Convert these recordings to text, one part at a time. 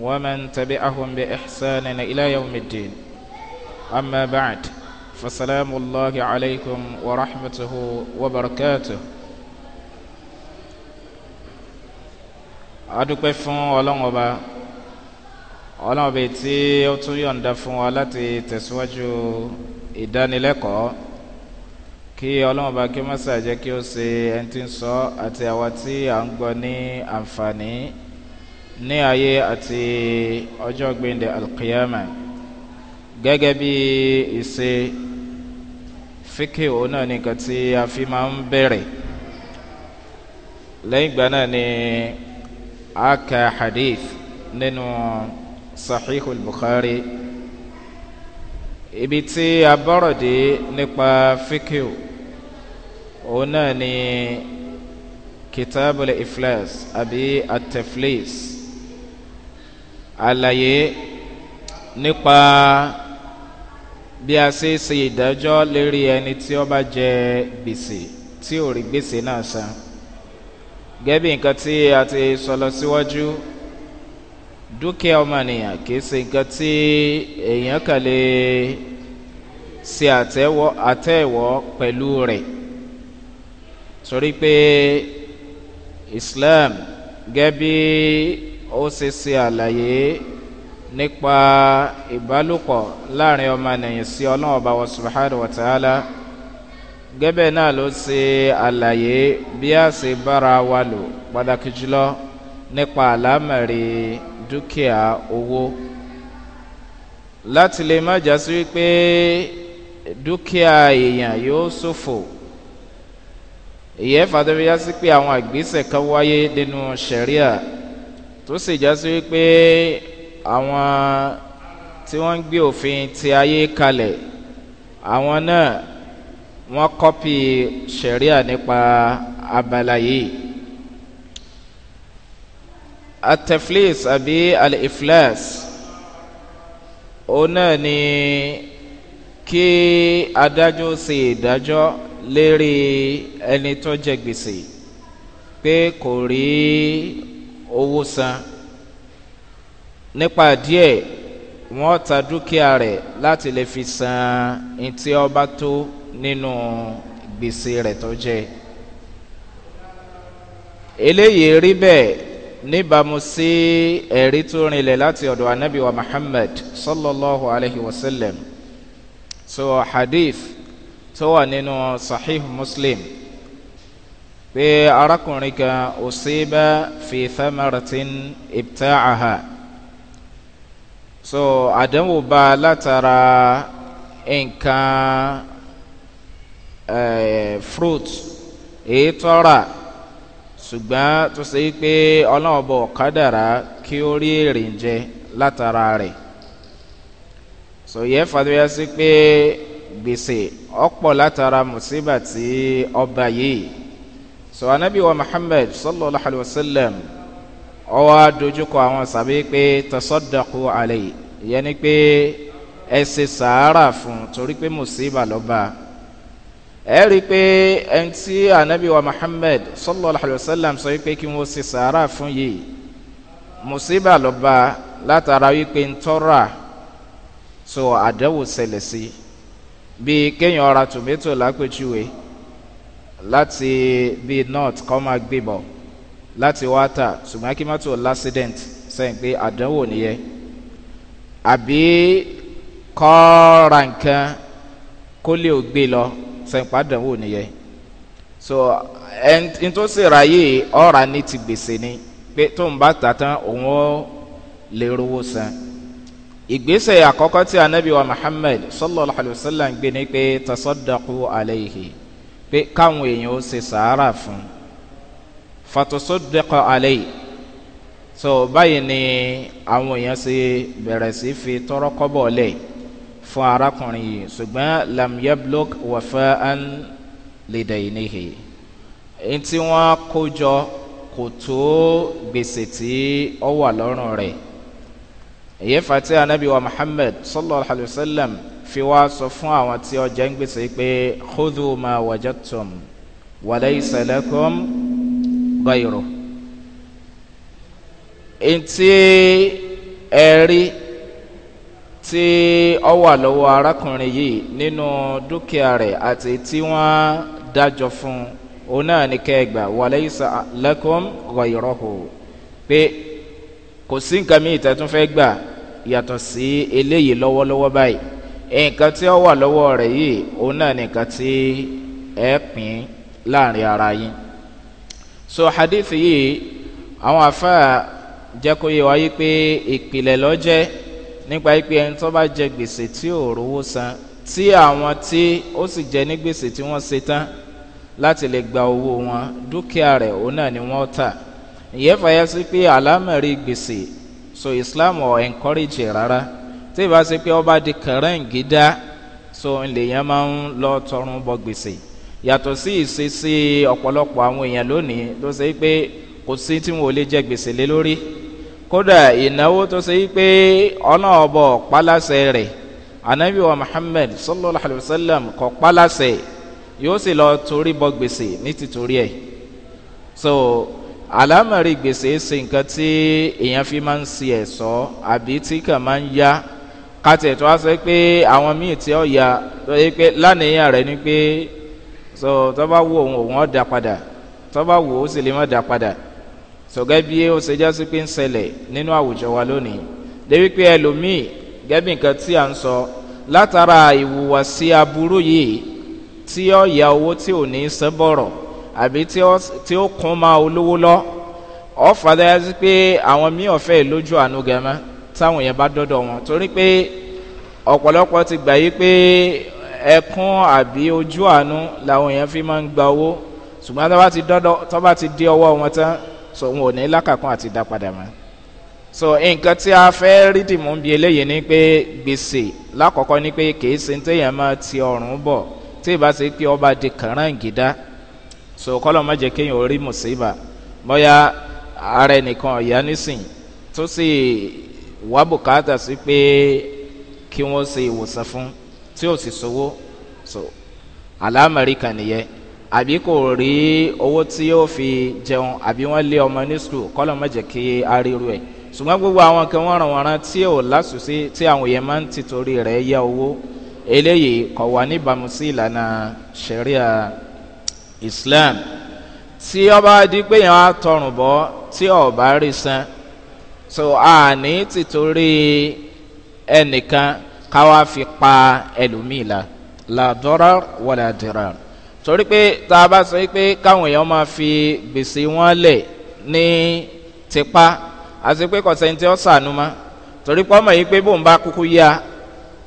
ومن تبعهم بإحسان إلى يوم الدين أما بعد فسلام الله عليكم ورحمته وبركاته adúpẹ́ fún ọlọ́run ọba ọlọ́run ọba tí ó tún yọ̀ǹda fún wa láti tẹ̀síwájú ìdánilẹ́kọ̀ọ́ kí ọlọ́run ọba kí ó kí ó ṣe ẹni tí ń sọ àti àwa tí à ń gbọ́ ní àǹfààní ní ayé àti ọjọ́ gbẹ̀ndẹ̀ alqiyama gẹ́gẹ́ bí ìṣe fíkì òun náà nìkan tí a fi máa ń bẹ̀rẹ̀ lẹ́yìn ìgbà náà ni a ka hadith nínú sahihul bukhari ibi tí a bọ̀rọ̀ dé nípa fíkì òun náà ni kitabul iflas àbí ateflis àlàyé nípa bí a ṣe ṣe ìdájọ́ lérí ẹni tí ó bá jẹ gbèsè tí ò rí gbèsè náà san gẹ́bí nǹkan tí a ti sọ lọ síwájú dúkìá ọmọnìyàn kìí ṣe nǹkan tí èèyàn kàn lè ṣe àtẹ̀wọ́ pẹ̀lú rẹ̀ torí pé islam gẹ́bí ó ṣe ṣe àlàyé nípa ìbálòpọ̀ láàrin ọmọnìyàn sí ọlọ́run ọba wa subahana wa ta'ala gẹ́bẹ̀ náà ló ṣe àlàyé bí a ṣe bára wa lò pàtàkì jùlọ nípa àlámẹ̀rí dúkìá owó láti lè má jásí wípé dúkìá èèyàn yóò ṣòfò ìyẹ́fà tó fi jásí pé àwọn àgbésẹ̀ kan wáyé nínú sẹ̀ríà tó sì já sí wípé àwọn tí wọ́n ń gbé òfin ti ayé kalẹ̀ àwọn náà wọ́n kọ́pì sẹ̀ríà nípa abala yìí ateflis àbí aliflas òun náà ni kí adájọ́ ṣe ìdájọ́ lérí ẹni tó jẹ gbèsè pé kò rí owó san nípa díẹ̀ wọ́n ta dúkìá rẹ̀ láti lè fi san ntí ọba tó nínú gbèsè rẹ̀ tó jẹ́ eléyìí rí bẹ́ẹ̀ níbàámu sí ẹ̀rí tó rinlẹ̀ láti ọ̀dọ̀ anabi wa muhammed sallallahu alayhi wa sallam so hadith tó wà nínú sahih muslim. pé arákùnrin kan òsínbà fi thamaratin ibtaaha so àdánwò bá látara nǹkan fruit èyí tọ́ra ṣùgbọ́n tó ṣe pé ọlọ́run bọ̀ kádàrá kí ó rí èrè ń jẹ látara rẹ̀ yẹ fàdúyà sí pé gbèsè ọ̀pọ̀ látara mùsíbà tí ọba yìí. so anabi wa muhammed sallallahu alayhi wa sallam ọwọ́ adójúkọ àwọn sàbí pé tasọ́dàkú alẹ́ ìyẹn ni pé ẹ ṣe sàárà fún torí pé mùsíbà ló bá ẹ rí i pé ẹni tí anabi wa muhammed sallallahu alayhi wa sallam sọ pé kí wọ́n ṣe sàárà fún yìí mùsíbà ló bá látara wípé ń tọ́ra so àdẹ́wò ṣẹlẹ̀ sí bíi kéèyàn ọ̀ra tòmẹ́tò lápẹ́jùwe láti bíi north kọ́ máa gbébọ̀ láti wá tà ṣùgbọ́n kí mọ́tò lásìdẹ̀ǹt sẹ́yìn pé àdánwò nìyẹn àbí kọ́ ra nǹkan kó lè ò gbé lọ sẹ́yìn pé àdánwò nìyẹn so ẹni tó sì ráyè ọ̀rà ní ti gbèsè ni pé tó ń bá tà tán òun ó lè rówó san ìgbésẹ̀ àkọ́kọ́ tí anabi wa muhammed sallallahu alayhi wa sallam gbé ni pé tasọ́dọ̀kú alayhi pé káwọn èèyàn ó ṣe sàárà fún fatosodekọ alẹ́ yìí so báyìí ni àwọn èèyàn ṣe bẹ̀rẹ̀ sí fi tọrọ kọ́bọ̀ lẹ̀ fún arákùnrin yìí ṣùgbọ́n lamyeblok wọ̀fẹ́ ń lè dẹ̀yìn níhì ntí wọ́n kó jọ kò tó gbèsè tí ó wà lọ́rùn rẹ̀ èyí fàtí anabi wa muhammed sallallahu alayhi wa sallam fi wá sọ fún àwọn tí ọjà ń gbèsè pé kódù máa wàjà tòm wàlẹ́ ìsẹ̀lẹ̀kùn gbàyìrò. Ntí ẹ̀rí tí ọ wà lọ́wọ́ arákùnrin yìí nínú dúkìá rẹ̀ àti tí wọ́n dájọ́ fún òun náà ní kẹgbà wàlẹ́ ìsẹ̀lẹ̀kùn gbàyìrò hù pé kò sí nǹkan mi ìtẹ́tún fẹ́ gbà yàtọ̀ sí eléyìí lọ́wọ́lọ́wọ́ báyìí nǹkan tí ó wà lọ́wọ́ rẹ̀ yìí òun náà nìkan tí ẹ pín láàrin ara yín so hadith yìí àwọn afa jẹ́ kó yẹ wáyé pé ìpìlẹ̀ lọ́jẹ́ nípa pé ẹni tó bá jẹ gbèsè tí ò rówó san tí àwọn tí ó sì jẹ ní gbèsè tí wọ́n ṣe tán láti lè gba owó wọn dúkìá rẹ̀ òun náà ni wọ́n tà ìyẹn fàyà sí pé àlámẹ̀rí gbèsè so islam ọ̀ encourage rárá tí ìbá ṣe pé ọba di kẹrẹ́ǹgídá so lèèyàn máa ń lọ tọrùn bọ gbèsè yàtọ̀ sí ìṣesí ọ̀pọ̀lọpọ̀ àwọn èèyàn lónìí tó ṣe pé kò sí tí wọn ò lè jẹ gbèsè lé lórí kódà ìnáwó tó ṣe pé ọ̀nà ọ̀bọ̀ pálásẹ rẹ̀ anabi muhammed sallallahu alayhi wa sallam kọ̀ pálásẹ yóò sì lọ torí bọ gbèsè ní tìtorí ẹ̀ so alámọ̀rí gbèsè ṣe nǹkan tí èèyàn fi máa ń ṣe ẹ̀ sọ àbí tí kàn máa ń yá kàtẹ́ tó wá sọ pé àwọn míì tí ó ya tó yẹ pé lánàá rẹ̀ ni pé so tó bá wo òun òun ó da padà tó bá wo ó sì lè má da padà sọ̀gẹ́ bí ó ṣe jásí pé ń ṣẹlẹ̀ nínú àwùjọ wa lónìí débi pé ẹlòmíì gẹ́bí nǹkan tí à ń sọ látara ìwùwàsí aburú yìí tí ó ya owó tí ò ní sẹ́ bọ̀rọ̀ àbí tí ó kún máa olówó lọ ọ̀fà dáyà sí pé àwọn míì ọ̀fẹ́ lójú àánú gẹ́mẹ́ táwọn yẹn bá dọ́dọ̀ wọn torí pé ọ̀pọ̀lọpọ̀ ti gbà yí pé ẹkún àbí ojú àánú làwọn yẹn fi máa ń gba owó ṣùgbọ́n tó ti dọ́dọ̀ tó ti dé ọwọ́ wọn tán so wọn ò ní lákàkún àti dá padà mọ́ so nǹkan tí a fẹ́ rí dìmú bí eléyìí ni pé gbèsè lákọ̀ọ́kọ́ ni pé kìí ṣe ń téèyàn máa ti ọ̀rùn bọ̀ tí ìbá ṣe pé ọba di kàráǹgídá so kọ́lọ̀ má jẹ́ kéèyàn orí mùsíbà bóyá ara ẹnìkan ọ̀yá nísìn tó sì wàá bùkátà sí pé kí wọ́n ṣe ìwòsàn fún tí ò sì sówó so àlámàrí kan nìyẹn àbí kò rí owó tí yóò fi jẹun àbí wọ́n lé ọmọ ní skul kọ́lọ̀ má jẹ́ kí ariru ẹ̀ ṣùgbọ́n gbogbo àwọn kan wọ́n ràn wọ́n rán tí ò lásùsí tí àwọn èèyàn máa ń tìtorí rẹ̀ yá owó eléyìí kọ̀ wá níbàámu sí ìlànà sẹ̀ríà islam tí ọba di pé yẹn á tọrùn bọ́ tí ọba rí san so àní ti torí ẹnìkan káwá fi pa ẹlòmíì la làdọ́rà wọlé àdìrà torí pé tá a bá sọ pé káwọn èèyàn máa fi gbèsè wọn lẹ̀ ní tipa àti pé kọ̀sẹ̀ntì ọ̀sánú ma torí pé ọmọ yìí pé bóun bá kúkú yá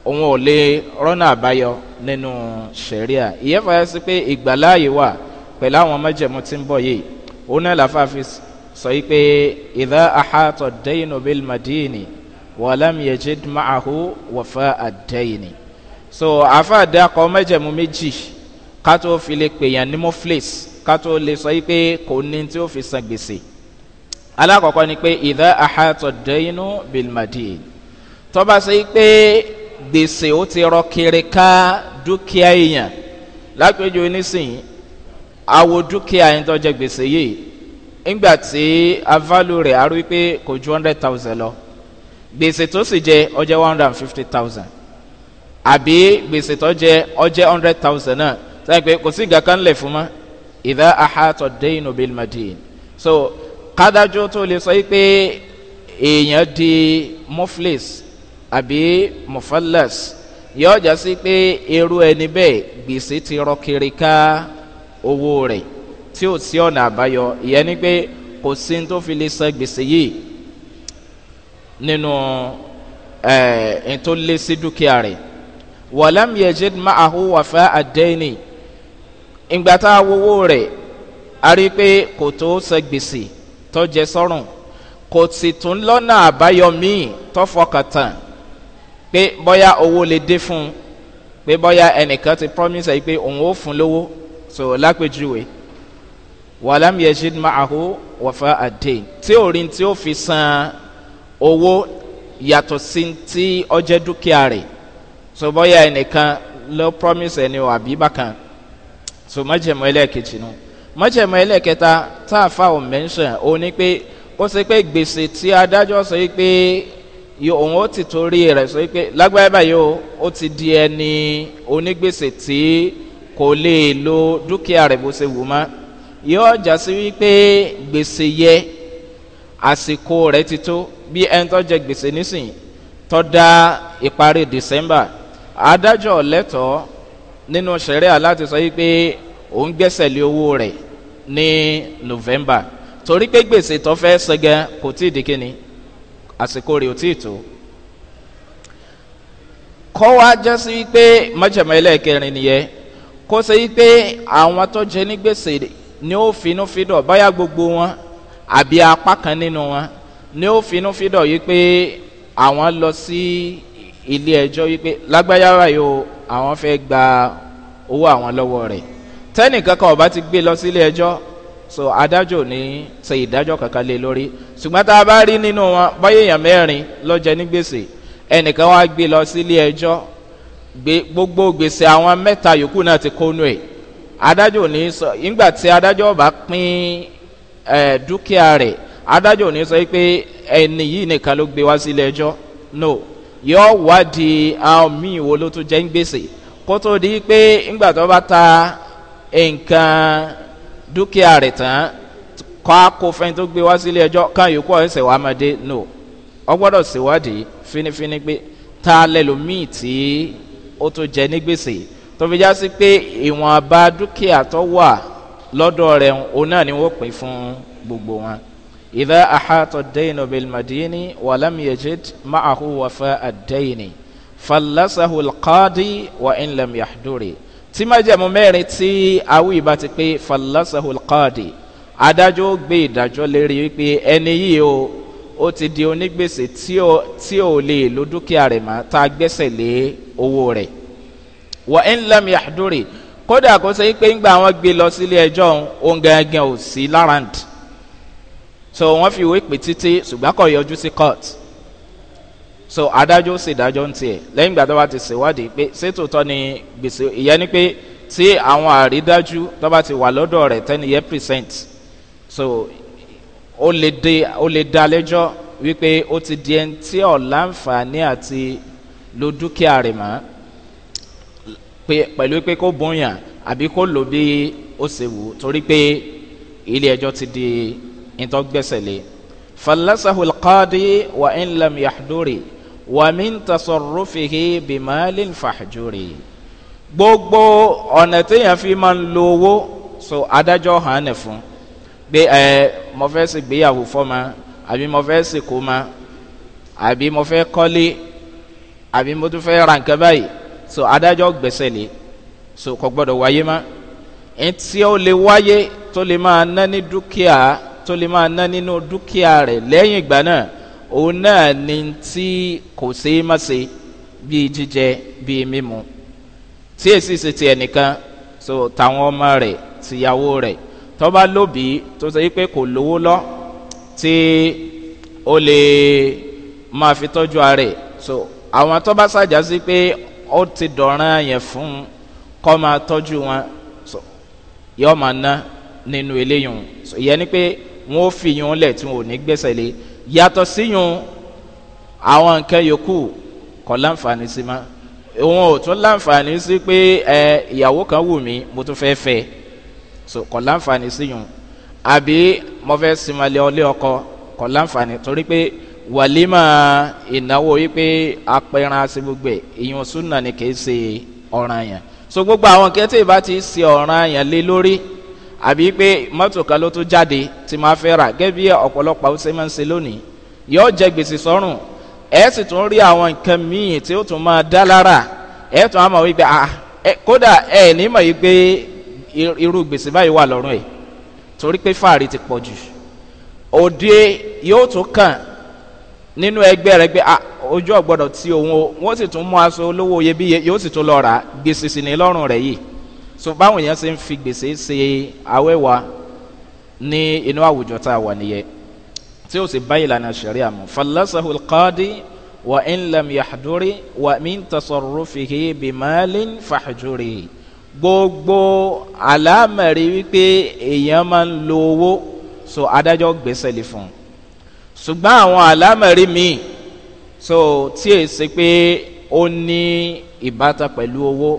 òun ò lè rọ́nà àbáyọ nínú sẹ̀ríà ìyẹ́fà yẹn sí pé ìgbàláàyè wà pẹ̀lú àwọn ọmọ tí ń bọ̀ yìí òun náà làfáà fi sọ yìí pé ìdá àhàtọ̀ dẹ́yìnù bíl madíìnì wàlám yẹjid máàhù wọ̀fà àdẹ́yìnì. so àfa àdàkọ mẹjẹmú méjì kátó fi lè pèèyàn ní mọ́flẹ́s kátó lè sọ yìí pé kò ní tí ó fi san gbèsè. alákọ̀ọ́kọ́ ni pé ìdá àhàtọ̀ dẹ́yìnù bíl madíìnì tọ́ba sọ yìí gbèsè ó ti rọ kiri dúkìá èèyàn lápẹjọ onísìnyí àwo dúkìá yẹn tó jẹ gbèsè yìí ńgbà avalu rẹ̀ arú wípé kò ju hundred thousand lọ gbèsè tó sì jẹ ọjẹ́ one hundred and fifty thousand àbí gbèsè tó jẹ ọjẹ́ hundred thousand náà sáyẹn pé kò sí gàkan lẹ̀ fún mọ́ ìdá ahatọ̀ dẹ́yìn obìl madin so kádájọ́ tó lè sọ wípé èèyàn di muflis àbí mufalas yọjà sí pé irú ẹni bẹ́ẹ̀ gbèsè ti rọ kiri ká owó rẹ̀ tí ò sí ọ̀nà àbáyọ ìyẹn ni pé kò sí tó fi lè san gbèsè yìí nínú ẹ̀ tó lé sí dúkìá rẹ̀ wàlám yẹjid máàhù wàfẹ́ àdéhìnì ìgbà tá a wowó rẹ̀ a rí i pé kò tó san gbèsè tó jẹ sọ́rùn kò sì tún lọ́nà àbáyọ míì tó fọkàn tán pé bóyá owó lè dé fún un pé bóyá ẹnìkan ti promise ẹ pé òun ó fún lówó so lápèjúwe. So, Walam yẹsìn máàhó wàfà àdé tí ò rí tí ó fi san owó yàtọ̀ sí ti ọjẹ́ dúkìá rẹ̀ sọbọ́yà ẹnìkan ló promise ẹni àbí bákan so mọ̀jẹ̀mọ̀ ẹlẹ́ẹ̀kejì nù mọ̀jẹ̀mọ̀ ẹlẹ́ẹ̀kẹta tá a fa òun mẹ́ńsàn ó ní pé ó ṣe pé gbèsè tí adájọ́ sọ pé òun ó ti torí rẹ̀ sọ pé lágbáyé báyìí ó ti di ẹni onígbèsè tí kò lè lo dúkìá rẹ̀ bó ṣe wù mọ́ yóò jásí wípé gbèsè yẹ àsìkò rẹ̀ ti tó bí ẹni tó jẹ gbèsè nísìnyí tó dá ìparí december adájọ́ lẹ́tọ̀ọ́ nínú sẹ̀ríà láti sọ wípé òun gbẹ́sẹ̀ lé owó rẹ̀ ní november torí pé gbèsè tó fẹ́ sẹ́gẹ́ kò tí ì di kíni àsìkò rẹ̀ ò tí ì tó kọ́ wa jásí wípé májèmọ́ ẹlẹ́ẹ̀kẹrin nìyẹn kó sẹ́yìn pé àwọn tó jẹ ní gbèsè ni ó finúfidọ̀ báyà gbogbo wọn àbí apá kan nínú wọn ni ó finúfidọ̀ yìí pé àwọn lọ sí ilé ẹjọ́ yìí pé lágbáyàwá yìí o àwọn fẹ́ gba owó àwọn lọ́wọ́ rẹ̀ tẹ́nìkan ọba ti gbé lọ sí ilé ẹjọ́ so adájọ́ ní ṣe ìdájọ́ kankan lé lórí ṣùgbọ́n tá a bá rí nínú wọn báyìí èèyàn mẹ́rin lọ́jẹ́ ní gbèsè ẹnìkan wá gbé lọ sí ilé ẹjọ́ gbogbo gbèsè àwọn mẹ́ta yòókù náà ti kónú ẹ̀ adájọ́ ò ní sọ nígbà tí adájọ́ bá pín ẹ̀ dúkìá rẹ̀ adájọ́ ò ní sọ pé ẹni yìí nìkan ló gbé wá sílé ẹjọ́ no yọ wádìí àwọn míì wo ló tún jẹ́ ń gbèsè kó tó di pé nígbà tó bá ta nǹkan dúkìá rẹ̀ tán kọ́ akófin tó gbé wá sílé ẹjọ́ kan yòókù ẹsẹ̀ wàá máa dé no ọ gbọ́dọ̀ ṣèwádìí finifini pé ta lẹ́lòmíì tí ó tún jẹ́ ní gbèsè. tó fi já sí pé ìwọ̀nba dúkìá tó wà lọ́dọ̀ rẹ̀ òun náà ni wọ́n pè fún gbogbo wọn. ìdá àhàtọ̀ dẹ́yìnà bilmadini wàlámiyejid máàhù wàfà àdẹ́yìnì falasahu alqaadi wa inlam yahduri tí májàmú mẹ́rin tí awú ìbá ti pé falasahu alqaadi adájọ́ gbé ìdájọ́ lérí wípé ẹni yìí o ó ti di onígbèsè tí ò lè lo dúkìá rẹ̀ mọ́ tá a gbẹ́sẹ̀ lé owó rẹ̀ wọ ẹnlẹm yàdúrì kódà kó sẹ pé ńgbà wọn gbé lọ sílé ẹjọ òun gangan ò sí lárand so wọn fi ìwé pè títí ṣùgbọ́n kò yọjú sí court so adájọ́ sì dájọ́ ń tiẹ̀ lẹ́yìn ìgbà tó bá ti ṣèwádìí pé ṣètò tọ́ ni gbèsè ìyẹn ni pé tí àwọn àrídájú tó bá ti wà lọ́dọ̀ rẹ̀ tẹ́ni yẹn present so ó lè dé ó lè dá lẹ́jọ́ wípé ó ti di ẹni tí ọ̀ láǹfààní àti lo dúkìá rẹ̀ mọ́ pẹ̀lú pé kó bóyàn àbí kó lò bí ó ṣe wù torí pé ilé ẹjọ́ ti di ìtọ́gbẹ́sẹ̀lé falasahul qadi wa in lam yahduri wa min tasarrufihi bimalin fahjuri gbogbo ọ̀nà téèyàn fi máa ń lo owó so adájọ́ hàn án fún pé ẹ mo fẹ́ sì gbéyàwó fọ́mọ àbí mo fẹ́ sì kó ma àbí mo fẹ́ kọ́lé àbí mo tún fẹ́ ra nǹkan báyìí so adájọ́ gbẹ̀sẹ̀ lé so kò gbọ́dọ̀ wáyé má etí ó lè wáyé tó lè máa ná ní dúkìá tó lè máa ná nínú dúkìá rẹ̀ lẹ́yìn ìgbà náà òun náà ni tí kò ṣeé má ṣe bíi jíjẹ bíi mímu tí èsì ṣe ti ẹnìkan so tàwọn ọmọ rẹ̀ tìyàwó rẹ̀ tọ́ba lóbi tó ṣe pé kò lówó lọ tí ó lè máa fi tọ́jú ara rẹ̀ so àwọn tọ́ba ṣàjà sí pé ó ti dọ̀ràn yẹn fún kọ́ máa tọ́jú wọn yóò máa ná nínú eléyìí ìyẹn ni pé wọn ò fi yun lẹ̀ tí wọn ò ní gbẹ́sẹ̀ lé yàtọ̀ sí yun àwọn nǹkan yòókù kọ́ láǹfààní sí ma wọn ò tún láǹfààní sí pé ẹ ìyàwó kan wù mí mo tún fẹ́ fẹ́ so kọ́ láǹfààní sí yun àbí mo fẹ́ simalẹ̀ ọlé ọkọ kọ́ láǹfààní torí pé wàlímà ìnáwó wípé apẹran àti gbogbo ẹ̀ ni kì í ṣe ọ̀ràn yẹn so gbogbo àwọn kẹ́tẹ́ ìbá ti ṣe ọ̀ràn yẹn lé lórí àbí pé mọ́tò kan ló tún jáde tí máa fẹ́ rà gẹ́gẹ́ bí ọ̀pọ̀lọpọ̀ àwọn sẹ́mẹ̀ ń ṣe lónìí yóò jẹ gbèsè sọ́rùn ẹ̀ sì tún rí àwọn nǹkan míì tí ó tún máa dá lára ẹ̀ tún á mọ̀ wípé ah kódà ẹ̀ ní mọ̀ yìí pé irú gbèsè báyìí wà lọ́rùn ẹ̀ torí pé fàárì ti pọ̀ jù òde yóò tún kàn nínú ẹgbẹ́ rẹ pé ah, ojú ọ̀gbọ́dọ̀ tí òun o wọ́n sì tún mú aṣọ olówó iyebíye yóò sì tún lọ rà gbèsè sì ní lọ́rùn rẹ̀ yìí so báwọn èèyàn ṣe ń fi gbèsè ṣe awẹ́wà ní inú àwùjọ tá a wà nìyẹn tí ó sì bá ìlànà sẹ̀ríà mu falasahu qadi wa in yahduri wa min tasarrufihi bimalin fahjuri gbogbo alámẹ̀rí wípé èèyàn máa ń lo owó so adájọ́ gbèsè lè fún un ṣùgbọ́n àwọn àlámẹ̀rí míì so tí è ṣe pé ó ní ìbátan pẹ̀lú owó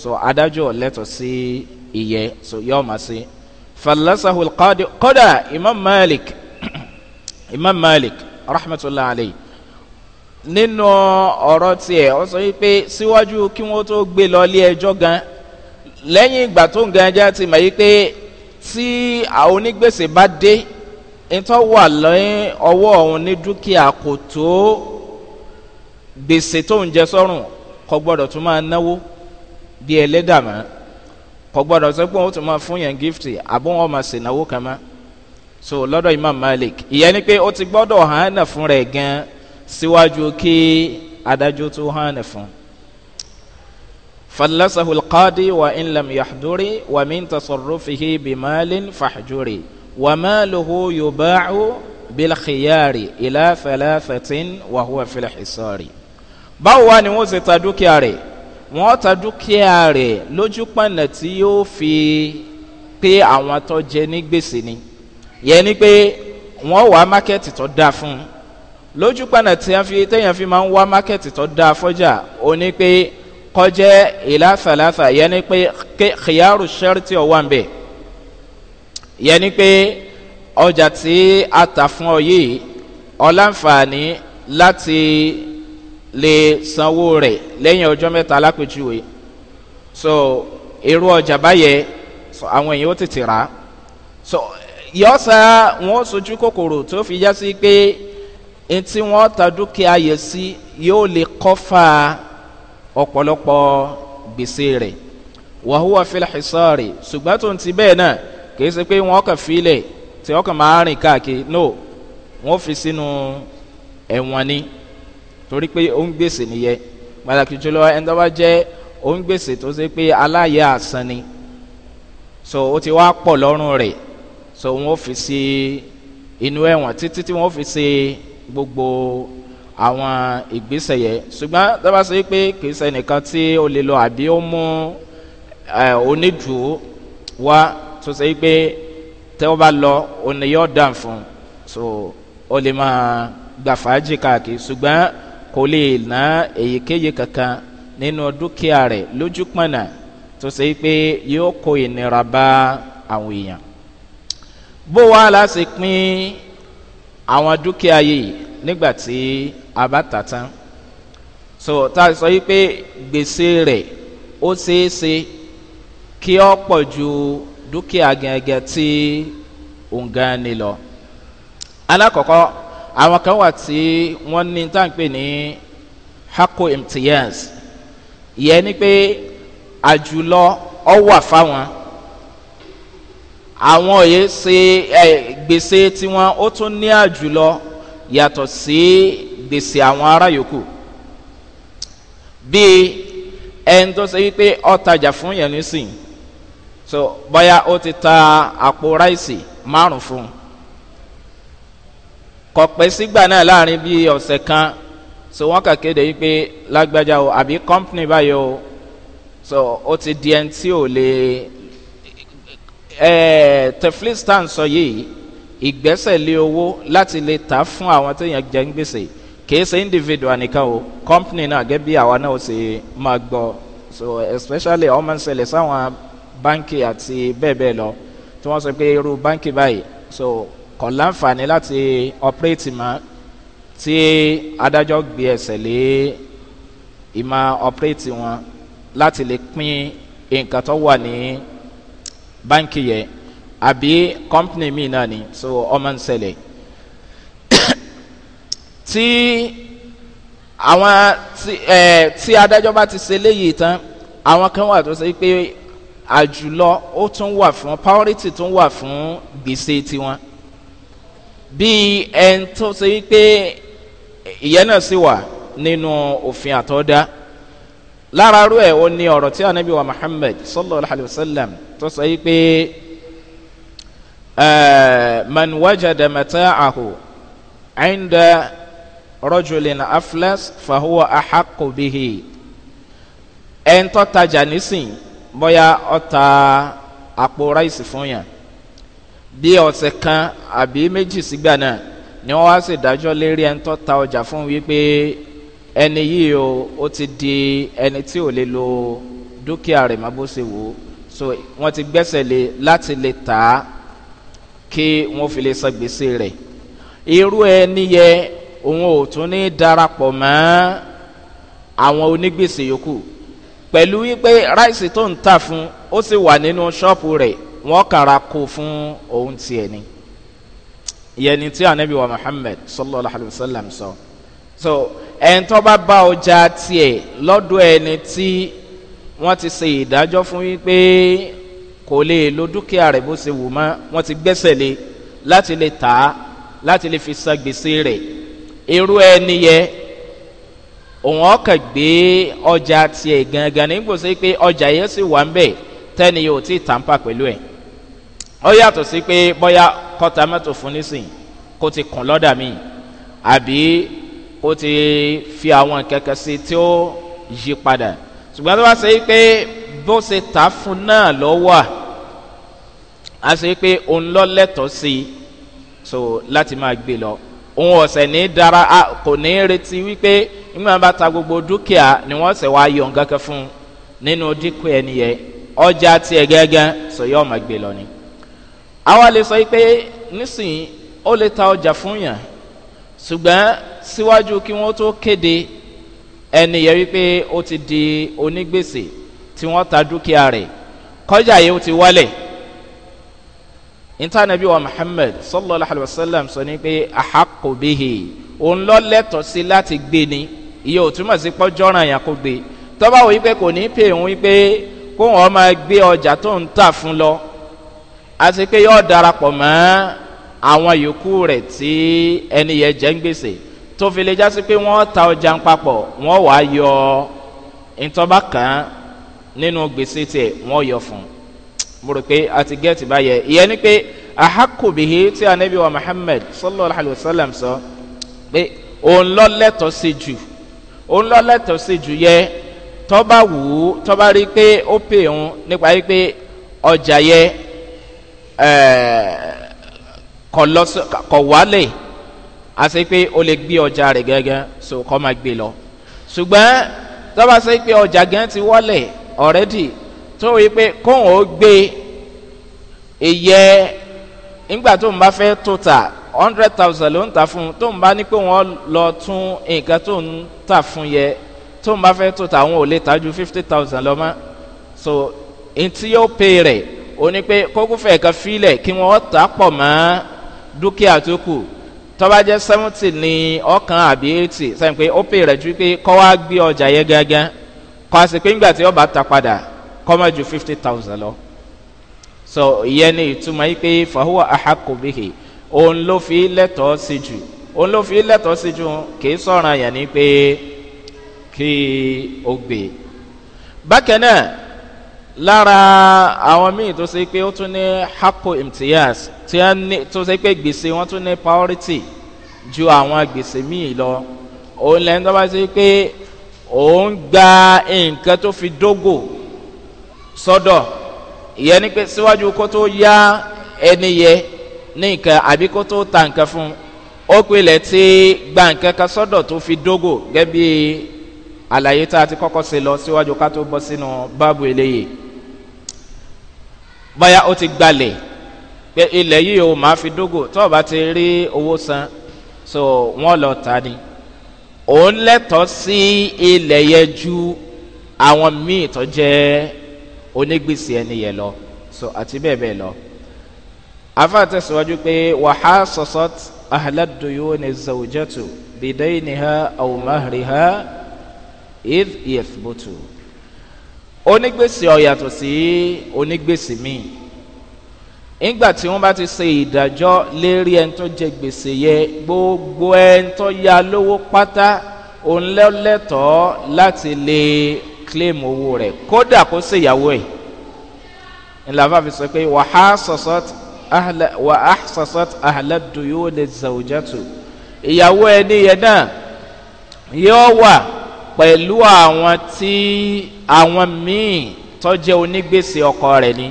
so adájọ́ lẹ́tọ̀ sí ìyẹ so yọ ọmọ sí falasahu kọ́dà imam malik imam malik rahmatulah alayhi nínú ọ̀rọ̀ tiẹ̀ ó sọ wípé síwájú kí wọ́n tó gbé lọ ilé ẹjọ́ gan lẹ́yìn ìgbà tó ń gan ti mọ̀ yí pé tí àwọn onígbèsè bá dé ìtọ́ wà lẹ́yìn ọwọ́ ọ̀hún ní dúkìá kò tó gbèsè tó ń jẹ sọ́rùn kò gbọ́dọ̀ tún máa náwó bí ẹlẹ́dàmọ́ kò gbọ́dọ̀ sọ pé òun tún máa fún yẹn gíftì àbó wọn máa ṣe náwó kan mọ́ so lọ́dọ̀ imam malik ìyẹn ni pé ó ti gbọ́dọ̀ hànà fún rẹ̀ gan síwájú kí adájọ́ tó hànà fún falasahu alqadi wa in lam yaxduri wa min tasarrufihi bimalin faxjuri wàmáàlùhù yorùbáàù bilkhiyari ilà fẹlẹfẹtin wàhùwà filhisari. báwo wá ni wọ́n ṣe ta dúkìá rẹ̀ wọ́n ta dúkìá rẹ̀ lójú pọ̀nà tí yóò fi pé àwọn tó jẹ ní gbèsè ni yẹn ni pé wọ́n wá mákẹ́tì tó dáa fún un lójú pọ̀nà tí téèyàn fi máa ń wá mákẹ́tì tó dáa fọ́jà ó ní pé kọjá ilà fẹlẹfẹ yẹn ni pé kíyàrú ṣẹ́rìtì ọ̀wá ń bẹ̀ yẹn ni pé ọjà tí a tà fún ọ yìí ọláǹfààní láti lè sanwó rẹ̀ lẹ́yìn ọjọ́ mẹ́ta lápèjúwe so irú ọjà báyẹn so àwọn èèyàn ó tètè rà so yọ́sà wọn ó sojú kòkòrò tó fi já sí pé ntí wọn ta dúkìá yẹ sí yóò lè kọ́fà ọ̀pọ̀lọpọ̀ gbèsè rẹ̀ wàhùwà fìlà xìsọ́ọ̀rì ṣùgbọ́n tó ń ti bẹ́ẹ̀ náà kì í ṣe pé wọn kàn filẹ̀ tí wọn kàn máa rìn káàkiri no wọn fi sínú ẹ̀wọ̀n ni torí pé ó ń gbèsè nìyẹn pàtàkì jùlọ ẹni tó bá jẹ́ ó ń gbèsè tó ṣe pé aláyẹ àsán ni so ó ti wá pọ̀ lọ́rùn rẹ̀ so wọn fi sí inú ẹ̀wọ̀n títí tí wọn fi ṣe gbogbo àwọn ìgbésẹ̀ yẹn ṣùgbọ́n tó bá ṣe pé kì í ṣe nìkan tí o lè lọ àbí ó mú onídùú wá tó ṣe pé tẹ́ wọ́n bá lọ òní yóò dàn fún so ó lè máa gbà fàájì káàkiri ṣùgbọ́n kò lè ná èyíkéyìí kankan nínú dúkìá rẹ̀ lójúpọ̀nà tó ṣe pé yóò kó ìnira bá àwọn èèyàn bó wá láti pín àwọn dúkìá yìí nígbà tí a bá tà tán so tá a sọ yìí pé gbèsè rẹ̀ ó ṣeé ṣe kí ọ pọ̀ ju dúkìá gẹ́gẹ́ tí òǹgá ni lọ. alákọ̀ọ́kọ́ àwọn kan wà tí wọ́n ní táǹpẹ̀ ní hako mts ìyẹn ni pé àjùlọ ọ wà fáwọn àwọn òye ṣe ẹ gbèsè tiwọn ó tún ní àjùlọ yàtọ̀ sí gbèsè àwọn ará yòókù bíi ẹni tó ṣe wípé ọ̀tajà fún yẹn nísìnyí so bọ́yá ó ti ta àpò ráìsì márùn fún un kọ̀ pẹ́ sígbà náà láàrin bíi ọ̀sẹ̀ kan so wọ́n kà kéde yìí pé lágbájá o àbí company báyìí o so ó ti di ẹni tí ò lè ẹ̀ẹ́ teflistan sọ yìí ìgbésẹ̀ lé owó láti lè ta fún àwọn tó yẹn jẹ́ ń gbèsè kìí ṣe individual nìkan o company náà gẹ́gẹ́ bí àwa náà ó sì máa gbọ́ so especially ọmọ ń ṣẹlẹ̀ sáwọn báńkì àti bẹ́ẹ̀ bẹ́ẹ̀ lọ tí wọ́n sọ pé irú báńkì báyìí so kò láǹfààní láti ọ̀pẹ́rẹ́tì mọ́ tí adájọ́ gbé ẹsẹ̀ lé ìmọ̀ ọ̀pẹ́rẹ́tì wọn láti lè pín nǹkan tó wà ní báńkì yẹn àbí kọ́mpìnì míì náà ni so ọmọ ń ṣẹlẹ̀ tí àwọn eh, tí adájọ́ bá ti ṣe léyìí tán àwọn kan wà tó ṣe pé àjùlọ ó tún wà fún priority tún wà fún gbèsè tiwọn bíi ẹn tó ṣe wípé ìyẹn náà sì wà nínú òfin àtọ́dá lára rú ẹ̀ ó ní ọ̀rọ̀ tí anabi wa muhammed sallallahu alayhi wa sallam tó ṣe wípé man wajada mata'ahu inda rojulin aflas fahuwa ahakubihi ẹn tó tajà nísìnyí bóyá ọta àpò ráìsì fún yàn bí ọ̀sẹ̀ kan àbí méjì sígbà náà ni wọ́n wá ṣèdájọ́ lérí ẹni tó ta ọjà fún wípé ẹni yìí o ó ti di ẹni tí ò lè lo dúkìá rẹ̀ má bó ṣe wò ó so wọ́n ti gbẹ́sẹ̀ lé láti lè tà á kí wọ́n fi lè san gbèsè rẹ̀ irú ẹni yẹ òun ò tún ní darapọ̀ mọ́ àwọn onígbèsè yòókù pẹ̀lú wípé ráìsì tó ń tà fún ó sì wà nínú ṣọ́ọ̀pù rẹ̀ wọ́n kàrà kó fún òun tiẹ̀ ni ìyẹn tí anabi wa muhammed sallallahu alayhi wa sallam sọ so ẹ̀ńtọ́ bá bá ọjà tiẹ̀ lọ́dọ̀ ẹni tí wọ́n ti ṣe ìdájọ́ fún wípé kò lè lo dúkìá rẹ̀ bó ṣe wù mọ́ wọ́n ti gbẹ́sẹ̀ lé láti lè tà á láti lè fi san gbèsè rẹ̀ irú ẹni yẹn òun ọkàn gbé ọjà tiẹ̀ gangan nígbò sí pé ọjà yẹn sì wà ń bẹ̀ tẹ́ni yóò ti tàǹpà pẹ̀lú ẹ̀ ó yàtọ̀ sí pé bọ́yá kọ́ta mẹ́tò fún nísìn kó ti kùn lọ́dà mi àbí kó ti fi àwọn kẹ̀kẹ́ sí tí ó yí padà ṣùgbọ́n tó bá ṣe pé bó ṣe tà fún náà lọ́wọ́ a ṣe pé òun lọ lẹ́tọ̀ọ́ sí i so láti máa gbé lọ òun ọ̀sẹ̀ ní dára kò ní retí wípé nígbà bá ta gbogbo dúkìá ni wọ́n sẹ̀ wáá yọ nǹkan fún nínú dínkù ẹni yẹ ọjà tiẹ̀ gẹ́gẹ́ sọ yọ ọmọ gbé lọ ni. àwa lè sọ pé nísìnyí ó lè ta ọjà fún yàn ṣùgbọ́n síwájú kí wọ́n tó kéde ẹni yẹ wípé ó ti di onígbèsè tí wọ́n ta dúkìá rẹ̀ kọjá yìí ó ti wálẹ̀ intanẹbi wa muhammed sallallahu alaihi wa sallam sọ ni pé ahakobihi òun lọ lẹ́tọ̀ọ́ sí láti gbé ni ìyẹn ò túmọ̀ sí pọ́jọ́ ràn yàn kó gbé tọ́ba wò wípé kò ní pè ń wípé kó wọn máa gbé ọjà tó ń tà fún lọ àti pé yóò darapọ̀ mọ́ àwọn yòókù rẹ̀ tí ẹni yẹn jẹ́ ń gbèsè tó fi lè jásí pé wọ́n ta ọjà ń papọ̀ wọ́n wàá yọ ìtọ́ba kan nínú gbèsè tiẹ̀ wọ́n yọ fún mo rò pé a ti gẹ́ẹ̀tì báyẹn ìyẹn ni pé ahakubihi tí anabi wa muhammed sallallahu alayhi wa sallam sọ pé òun lọ lẹ́tọ̀ọ́ sí jù òun lọ́lẹ́tọ̀ sí jù yẹ tọ́ba wù ú tọ́ba rí pé ó pè òun nípa wípé ọjà yẹ kọ̀ wálẹ̀ àti pé o lè gbé ọjà rẹ̀ gẹ́gẹ́ so kọ́ máa gbé lọ ṣùgbọ́n tọ́ba sọ pé ọjà gan ti wọ́lẹ̀ ọ̀rẹ́dì tó wí pé kóun ó gbé ìyẹ́ nígbà tó ń bá fẹ́ tó ta hundred thousand ló ń ta fún un tó ń bá ní pé wọ́n lọ tún nǹkan tó ń tà fún yẹ tó ń bá fẹ́ tó ta àwọn ò lè ta ju fifty thousand lọ mọ́ so ntí yóò pè rẹ̀ o ní pé kókófẹ́ kan fílẹ̀ kí wọ́n ta pọ̀ mọ́ dúkìá tó kù tọ́ba seventy ní ọkàn àbí eighty sẹ́yìn pé ó pè rẹ̀ ju pé kọ́ wá gbé ọjà yẹn gángan kọ́ àsìkò ìgbà tí ọba ta padà kọ́ mọ́ ju fifty thousand lọ so ìyẹn ni ìtumọ̀ yìí pé fàhùwà àhàkùbìhì òun ló fi lẹ́tọ̀ọ́ sí jù òun ló fi lẹ́tọ̀ọ́ sí jù kìí sọ̀ràn yẹn ni pé kí o gbè. bákan náà lára àwọn míì tó ṣe pé ó tún ní hapo imtiaz tó ṣe pé gbèsè wọ́n tún ní priority ju àwọn gbèsè míì lọ òun lẹ́nu tó bá ṣe pé òun gba nǹkan tó fi dógò sọ́dọ̀. So ìyẹn ni pé síwájú kó tó yá ẹni yẹ ní nǹkan àbí kó tó ta nǹkan fún ó pilẹ̀ tí gba nǹkan kan sọ́dọ̀ tó fi dógò gẹ́gẹ́ bí àlàyé tá a ti kọ́kọ́ ṣe lọ síwájú ká tó bọ́ sínú báàbù eléyìí báyà ó ti gbalẹ̀ pé ilẹ̀ yìí o máa fi dógò tó o bá ti rí owó san so wọ́n lọ ta ni òun lẹ́tọ̀ọ́ sí ilẹ̀ yẹn ju àwọn míì tó jẹ́ onígbèsè ẹni yẹn lọ so àti bẹ́ẹ̀ bẹ́ẹ̀ lọ. afa tẹ̀síwájú pé wàhá sọ̀sọ́t ahladuyo ni zawjatu bidayiniha awumahriha if yethbutu. onígbèsè ọ̀ yàtọ̀ sí onígbèsè míì nígbà tí wọ́n bá ti ṣe ìdájọ́ lérí ẹni tó jẹ gbèsè yẹ gbogbo ẹni tó ya lówó pátá òun lẹ́lẹ́tọ̀ọ́ láti lè claim owó rẹ̀ kódà kó sì yàwó ẹ̀ ńláfà fi sọ pé wà á sọ̀sọ́t àhàlẹ́dù yóò lè zàwùjẹ́tù ìyàwó ẹni yẹn náà yóò wà pẹ̀lú àwọn tí àwọn míì tọ́jẹ́ onígbèsè ọkọ rẹ̀ ni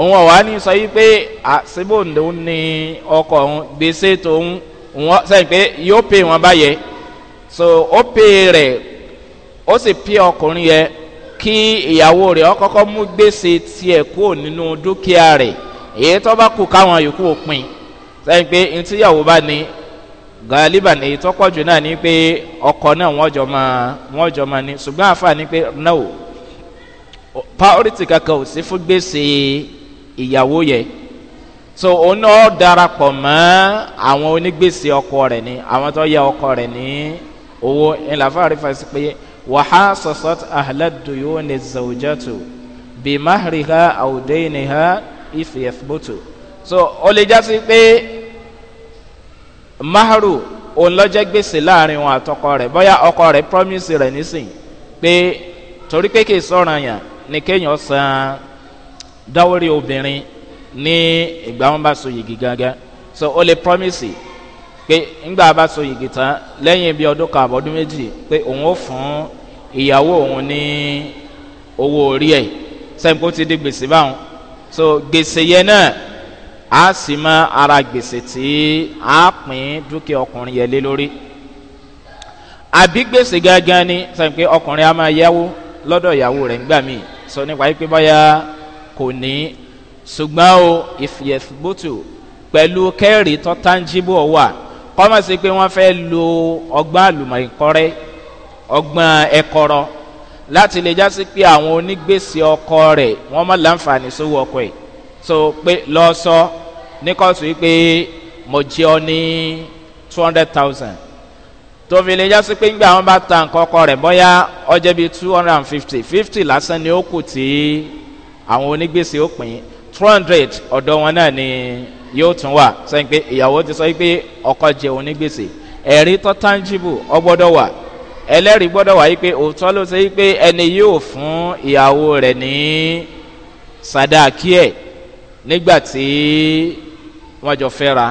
òun ọ̀wá ní sọ yí pé àsìbòǹdó ni ọkọ̀ òun gbèsè tòun sẹ́yìn pé yóò pè wọ́n báyẹn so ó pè rẹ̀ ó sì pè ọkùnrin yẹn kí ìyàwó rẹ̀ ọkọ́kọ́ mú gbèsè tiẹ̀ kúrò nínú dúkìá rẹ̀ èyí tó bá kù káwọn yòókù pin sẹ́yìn pé ní tíyàwó bá ní galiban èyí tó pọ̀jù náà ni pé ọkọ̀ náà wọ́n jọ máa wọ́n jọ máa ní ṣùgbọ́n àfa ni pé náà priority kankan ò sí fún gbèsè ìyàwó yẹ so òun náà darapọ̀ mọ́ àwọn onígbèsè ọkọ rẹ̀ ni àwọn tó yẹ ọkọ rẹ̀ ní owó ńlá fáwọn rí fàṣí pé وحاصصت أهل الديون الزوجة بمهرها أو دينها if يثبت so ó lè jásí pé maharu òun lọ jẹ́ gbèsè láàrin wọn àtọkọ rẹ̀ bóyá ọkọ rẹ̀ promise rẹ̀ nísìn pé torí pé kì í sọ̀ràn yàn ni kéèyàn san dáwórí obìnrin ní ìgbà wọn bá so yìgì gángan so ó lè promise pé ńgbà bá so yìgì tán lẹ́yìn bíi ọdún kan àbọ̀dún méjì pé òun ó fún ìyàwó òun ní owó orí ẹ̀ sẹ́yìn kó ti di gbèsè báwọn so gbèsè yẹn náà a sì mọ ara gbèsè tí a pín dúkìá ọkùnrin yẹn lé lórí àbí gbèsè gángan ni sẹ́yìn pé ọkùnrin a máa yáwó lọ́dọ̀ ìyàwó rẹ̀ ńgbà míì sọ nípa yìí pé báyà kò ní ṣùgbọ́n o ìfìyẹ̀sìbótò pẹ̀lú kẹ́rì tó tangible wà kọ́mọ̀ sí pé wọ́n fẹ́ lo ọgbọ́n àlùmọ̀kọ́rẹ́ ọgbọ́n ẹ̀kọ́rọ́ láti lè jásí pé àwọn onígbèsè ọkọ rẹ̀ wọ́n mọ̀ láǹfààní sówó ọkọ ẹ̀ so pé lọ sọ ní pé mo jẹ́ ọ ní two hundred thousand tó fi lè jásí pé ńgbà wọn bá ta nǹkan ọkọ rẹ̀ bóyá ọjẹ́ bíi two hundred and fifty fifty lásán ni ó kù tí àwọn onígbèsè ó pín two hundred ọ̀dọ̀ wọn náà ni yóò tún wà sẹ́yìn pé ìyàwó ti sọ pé ọkọ jẹ onígbèsè ẹ̀rí tó tangible ọ gbọ́dọ̀ wà ẹlẹ́rìí gbọ́dọ̀ wà yìí pé òótọ́ ló ṣe pé ẹni yóò fún ìyàwó rẹ̀ ní sàdáàkì ẹ̀ nígbà tí wọ́n jọ fẹ́ra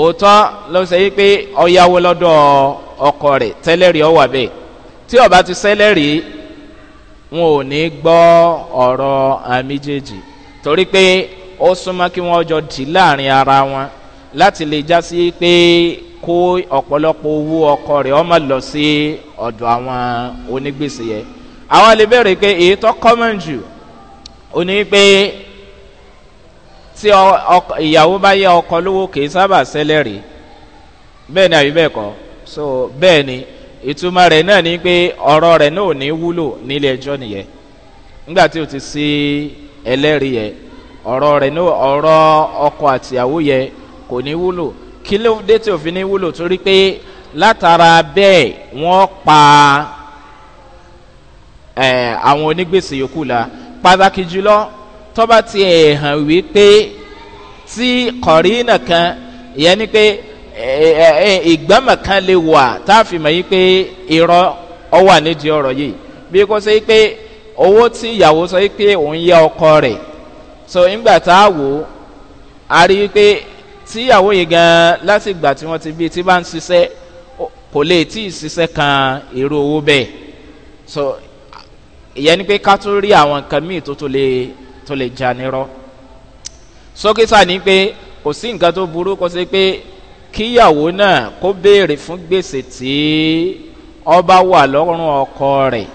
òótọ́ ló ṣe pé ọ̀yàwó lọ́dọ̀ ọkọ rẹ̀ tẹ́lẹ̀rì ọ bẹ́ẹ̀ tí ọba ti sẹ́lẹ̀rì wọn ò ní gbọ́ ọ̀rọ̀ àmì jèjì torí pé ó súnmọ́ kí wọ́n jọ dì láàrin ara wọn láti lè já sí pé kó ọ̀pọ̀lọpọ̀ owó ọkọ rẹ̀ ọmọ lọ sí ọ̀dọ̀ àwọn onígbèsè yẹn àwọn lè bẹ̀rẹ̀ pé èyí tó common jù ó ní pé tí ìyàwó bá yẹ ọkọ lówó kì í sábà rí bẹ́ẹ̀ ni àbí bẹ́ẹ̀ kọ́ so bẹ́ẹ̀ ni ìtumọ̀ rẹ̀ náà ni pé ọ̀rọ̀ rẹ̀ náà ò ní wúlò nílé ẹjọ́ nìyẹn nígbà tí o ti si ẹlẹ́rìí yẹn ọ̀rọ̀ rẹ̀ ní ọ̀rọ̀ ọkọ̀ àtìyàwó yẹ kò ní wúlò kí ló dé tí òfin ní wúlò torí pé látara bẹ́ẹ̀ wọ́n pa àwọn onígbèsè yòókù la pàtàkì jùlọ tọ́ba ti hàn wípé tí kọ̀rínà kan ìyẹn ni pé ìgbọ́mọ̀ kan lè wà tá a fi mọ̀ yí pé irọ́ ọ wà nídìí ọ̀rọ̀ yìí bí kò sẹ́ pé owó tí ìyàwó sọ pé òun yẹ ọkọ rẹ̀ so ńgbà tá a wò ó a rí i pé tíyàwó yìí gan láti ìgbà tí wọ́n ti bí tí bá ń ṣiṣẹ́ kò lè tí ì ṣiṣẹ́ kan èrò owó bẹ́ẹ̀ so ìyẹn ni pé ká tún rí àwọn nǹkan míì tó tó lè tó lè jà nírọ́ sókítà ni pé kò sí nǹkan tó burú kó ṣe pé kíyàwó náà kó béèrè fún gbèsè tí ọba wà lọ́rùn ọkọ rẹ̀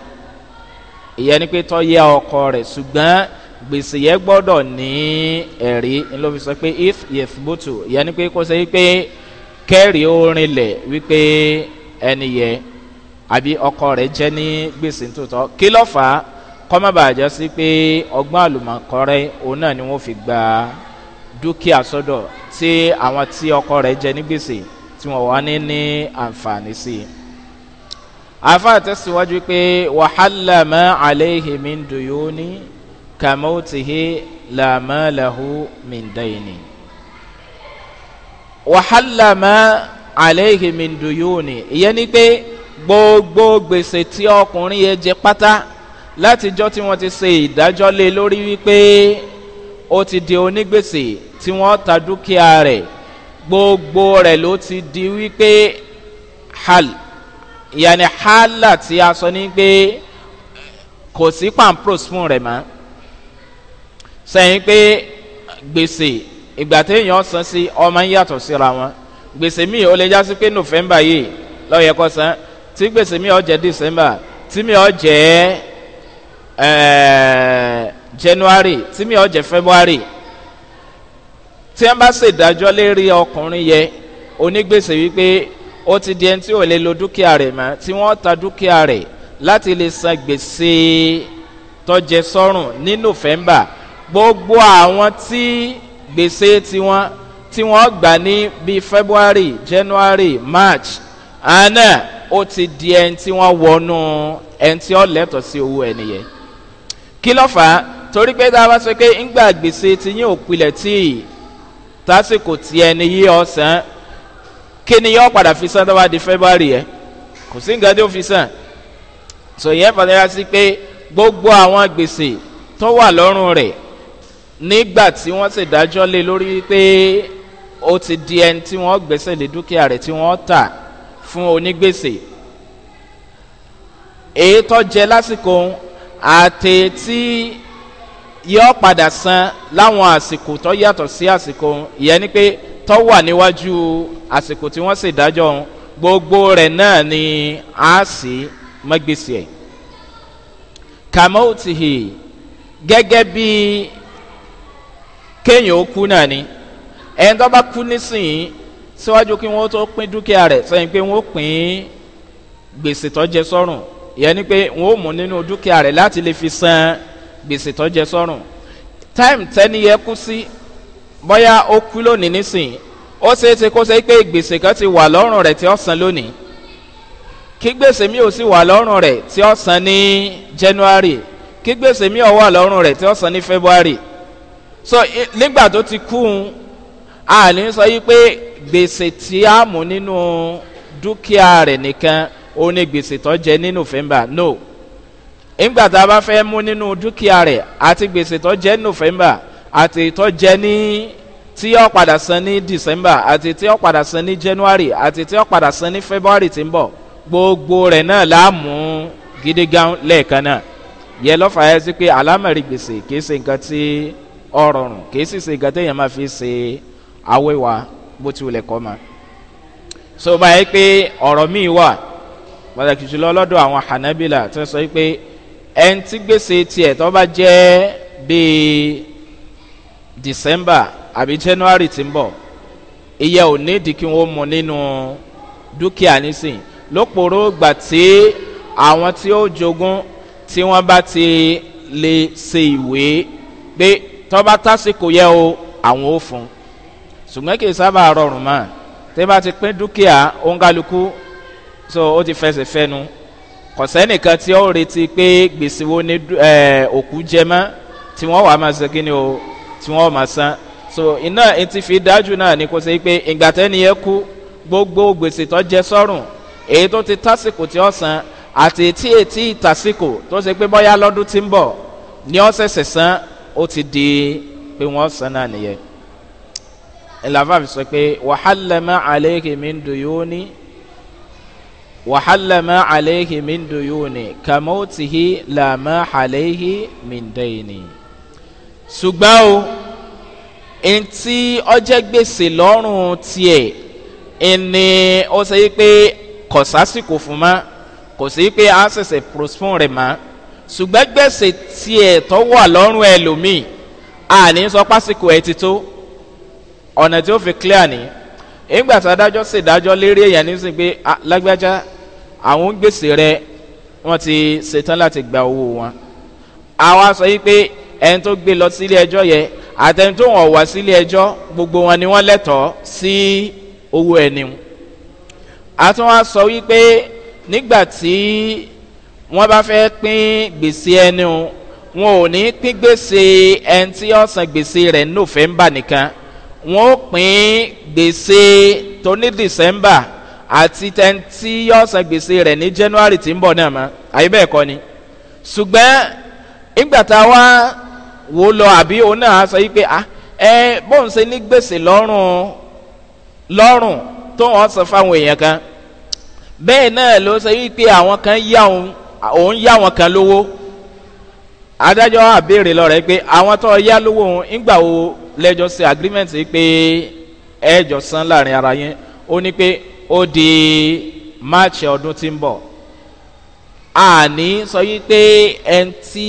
ìyẹn ni pé tọ́ yẹ ọkọ rẹ̀ ṣùgbọ́n gbèsè yẹn gbọ́dọ̀ ní ẹ̀rí ló fi sọ pé if yef butu yẹn ni pé kó ṣe wípé kẹ́rì ó rinlẹ̀ wípé ẹni yẹ àbí ọkọ rẹ̀ jẹ́ ní gbèsè tòótọ́ kí ló fà á kọ́mọ́bàjọ́ sí pé ọgbọ́n àlùmọ̀kọ́rẹ́ òun náà ni wọ́n fi gba dúkìá sọ́dọ̀ tí àwọn tí ọkọ rẹ̀ jẹ́ ní gbèsè tí wọ́n wá ní ní àǹfààní sí i àfa àtẹ̀síwájú pé wàhálà mọ́ àléhìmí dùyó ní. كموته لا ماله من دين وحل ما عليه من ديون يعني ni pé gbogbo gbèsè tí ọkùnrin yẹn jẹ pátá látijọ́ tí wọ́n ti ṣe ìdájọ́ lé lórí wípé ó ti di onígbèsè tí wọ́n ta dúkìá rẹ̀ gbogbo rẹ̀ ló ti di wípé hal ìyẹn ni tí a sọ ni pé kò sí pampros fún rẹ̀ mọ́ sẹ́yìn pé gbèsè ìgbà téèyàn san sí ọmọ ń yàtọ̀ síra wọn gbèsè míì ó lè já pé november yìí lọ́yẹ̀ kọ́ san tí gbèsè míì ó december tí míì ó january tí míì ó february tí wọ́n bá ṣèdájọ́ lérí ọkùnrin yẹ onígbèsè wípé ó ti di ẹni tí ò lè lo dúkìá rẹ̀ mọ́ tí wọ́n ta dúkìá rẹ̀ láti lè san gbèsè tọ́jẹ sọ́rùn ní november gbogbo àwọn tí gbèsè tiwọn tí wọ́n gbà ní bíi february january march àná ó ti di ẹni tí wọ́n wọnú ẹni tí ó lẹ́tọ̀ sí owó ẹni yẹn kí ló fà á torí pé tá a bá sọ pé ńgbà gbèsè ti yín òpilẹ̀ tí tásìkò tí ẹni yí ọ̀sán kí ni yóò padà fi san tó bá di february yẹn kò sí nǹkan tí ó fi san sòyẹ́ fàdéyà sí pé gbogbo àwọn gbèsè tó wà lọ́rùn rẹ̀ nígbà tí wọ́n sì dájọ́ lé lórí pé ó ti di ẹni tí wọ́n gbẹ́sẹ̀ lé dúkìá rẹ̀ tí wọ́n tà fún onígbèsè èyí tó jẹ lásìkò àti tí yọ padà san láwọn àsìkò tó yàtọ̀ sí àsìkò ìyẹn ni pé tó wà níwájú àsìkò tí wọ́n sì dájọ́ gbogbo rẹ̀ náà ni a sì mọ́gbèsè ẹ̀ kàmọ́ gẹ́gẹ́ bíi kéèyàn ó kú náà ni ẹni tó bá kú nísìnyí síwájú kí wọ́n tó pín dúkìá rẹ̀ sẹ́yìn pé wọ́n pín gbèsè tó jẹ sọ́rùn ìyẹn ni pé wọ́n ó mú nínú dúkìá rẹ̀ láti lè fi san gbèsè tó jẹ sọ́rùn táìmù tẹ́ni yẹ kú sí bóyá ó kú lónìí nísìnyí ó ṣeé ṣe kó ṣe pé gbèsè kan ti wà lọ́rùn rẹ̀ tí ó san lónìí kí gbèsè mi ò sì wà lọ́rùn rẹ̀ tí ó san ní january kí gbèsè mi ò wà lọ́rùn rẹ̀ tí ó san ní february so nígbà tó ti kú un a ní sọ yí pé gbèsè tí a mú nínú dúkìá rẹ̀ nìkan ó ní gbèsè tó jẹ nínú fẹ́mbà no nígbà tá a bá fẹ́ mú nínú dúkìá rẹ̀ àti gbèsè tó jẹ nínú fẹ́mbà àti tó jẹ ní tí yóò padà san ní december àti tí yóò padà san ní january àti tí yóò padà san ní february ti ń bọ̀ gbogbo rẹ̀ náà láàmú gidi gan lẹ́ẹ̀kan náà yẹ lọ́fà ẹ́ sí pé alámọ̀rí gbèsè kì í ṣe nǹkan tí ọrọrùn kìí sì ṣe ìgbà téèyàn máa fi ṣe awéwa bó ti wulẹ̀ kọ́ ma so báyìí pé ọ̀rọ̀ míì wà pàtàkì jùlọ lọ́dọ̀ àwọn hanabila tó sọ pé ẹni tí gbèsè tiẹ̀ tó bá jẹ́ bíi december àbí january ti ń bọ̀ iye ò ní di kí wọ́n mu nínú dúkìá nísìn lóporó gbà tí àwọn tí ó jogún tí wọ́n bá ti lè ṣe ìwé pé tọ́ba tásìkò yẹ o àwọn ò fún ṣùgbọ́n kì í sábà rọrùn mọ́ tẹ́ bá ti pín dúkìá òǹkálukú so ó ti fẹsẹ̀ fẹnu kọ̀sẹ́nìkan tí ó retí pé gbèsè wo ni òkú jẹ mọ́ tí wọ́n wà máa ṣe kí ni o tí wọ́n máa san so iná etí fi dájú náà ni kò sí pé ìgbà tẹ́ni yẹ kú gbogbo gbèsè tó jẹ sọ́rùn èyí tó ti tásìkò tí ó san àti etí etí ìtàsìkò tó ṣe pé bọ́yá lọ́dún tí ń bọ̀ ni ó ṣẹ̀ṣẹ̀ san ó ti di pé wọ́n san náà nìyẹn ìlàfà fi sọ pé wàhálàmà àlẹ́kìmí ń dùn yóò ní wàhálàmà àlẹ́kìí mìndù yóò ní kàmótìhí làmà àlẹ́kìí mìndẹ́yìní. ṣùgbọ́n o ntí ọjẹ́ gbèsè lọ́rùn tiẹ̀ ẹni ó sọ pé kò fún ma kò sí pé a ṣẹ̀ṣẹ̀ prospon rẹ̀ mọ́ ṣùgbọ́n gbèsè tiẹ̀ tó wà lọ́rùn ẹlòmíì àní sọ pásìkò ẹ ti tó ọ̀nà tí ó fi clear ni ìgbà tí adájọ́ sì dájọ́ lérí èèyàn ní sìn pé lágbájá àwọn gbèsè rẹ wọ́n ti ṣetán láti gba owó wọn àwa sọ yìí pé ẹni tó gbé lọ sílé ẹjọ́ yẹ àtẹni tó wọ̀n wá sílé ẹjọ́ gbogbo wọn ni wọ́n lẹ́tọ̀ọ́ sí owó ẹni a sọ wípé nígbà tí wọ́n bá fẹ́ pín gbèsè ẹni o wọn ò ní pín gbèsè ẹni tí ó san gbèsè rẹ̀ nọ́fẹ̀mbà nìkan wọn ó pín gbèsè tó ní dìsẹ́mbà àti tẹ́ni tí ó gbèsè rẹ̀ ní january tí ń bọ̀ náà mọ́ àyè bẹ́ẹ̀ kọ́ ni ṣùgbọ́n ìgbà tá a wá wò lọ àbí òun náà sọ yìí pé ah ẹ bóun ṣe ní gbèsè lọ́rùn lọ́rùn tó wọ́n san fáwọn èèyàn kan bẹ́ẹ̀ náà ló ṣe wípé àwọn kan yá òun òun yá wọn kan lówó adájọ́ àbèrè lọ́rẹ̀ pé àwọn tó yá lówó òun ńgbà wo lẹ́jọ́ sí agreement pé ẹ̀jọ̀ san láàrin ara yín ó ní pé ó di march ọdún tí ń bọ̀ àní sọ yí pé ẹni tí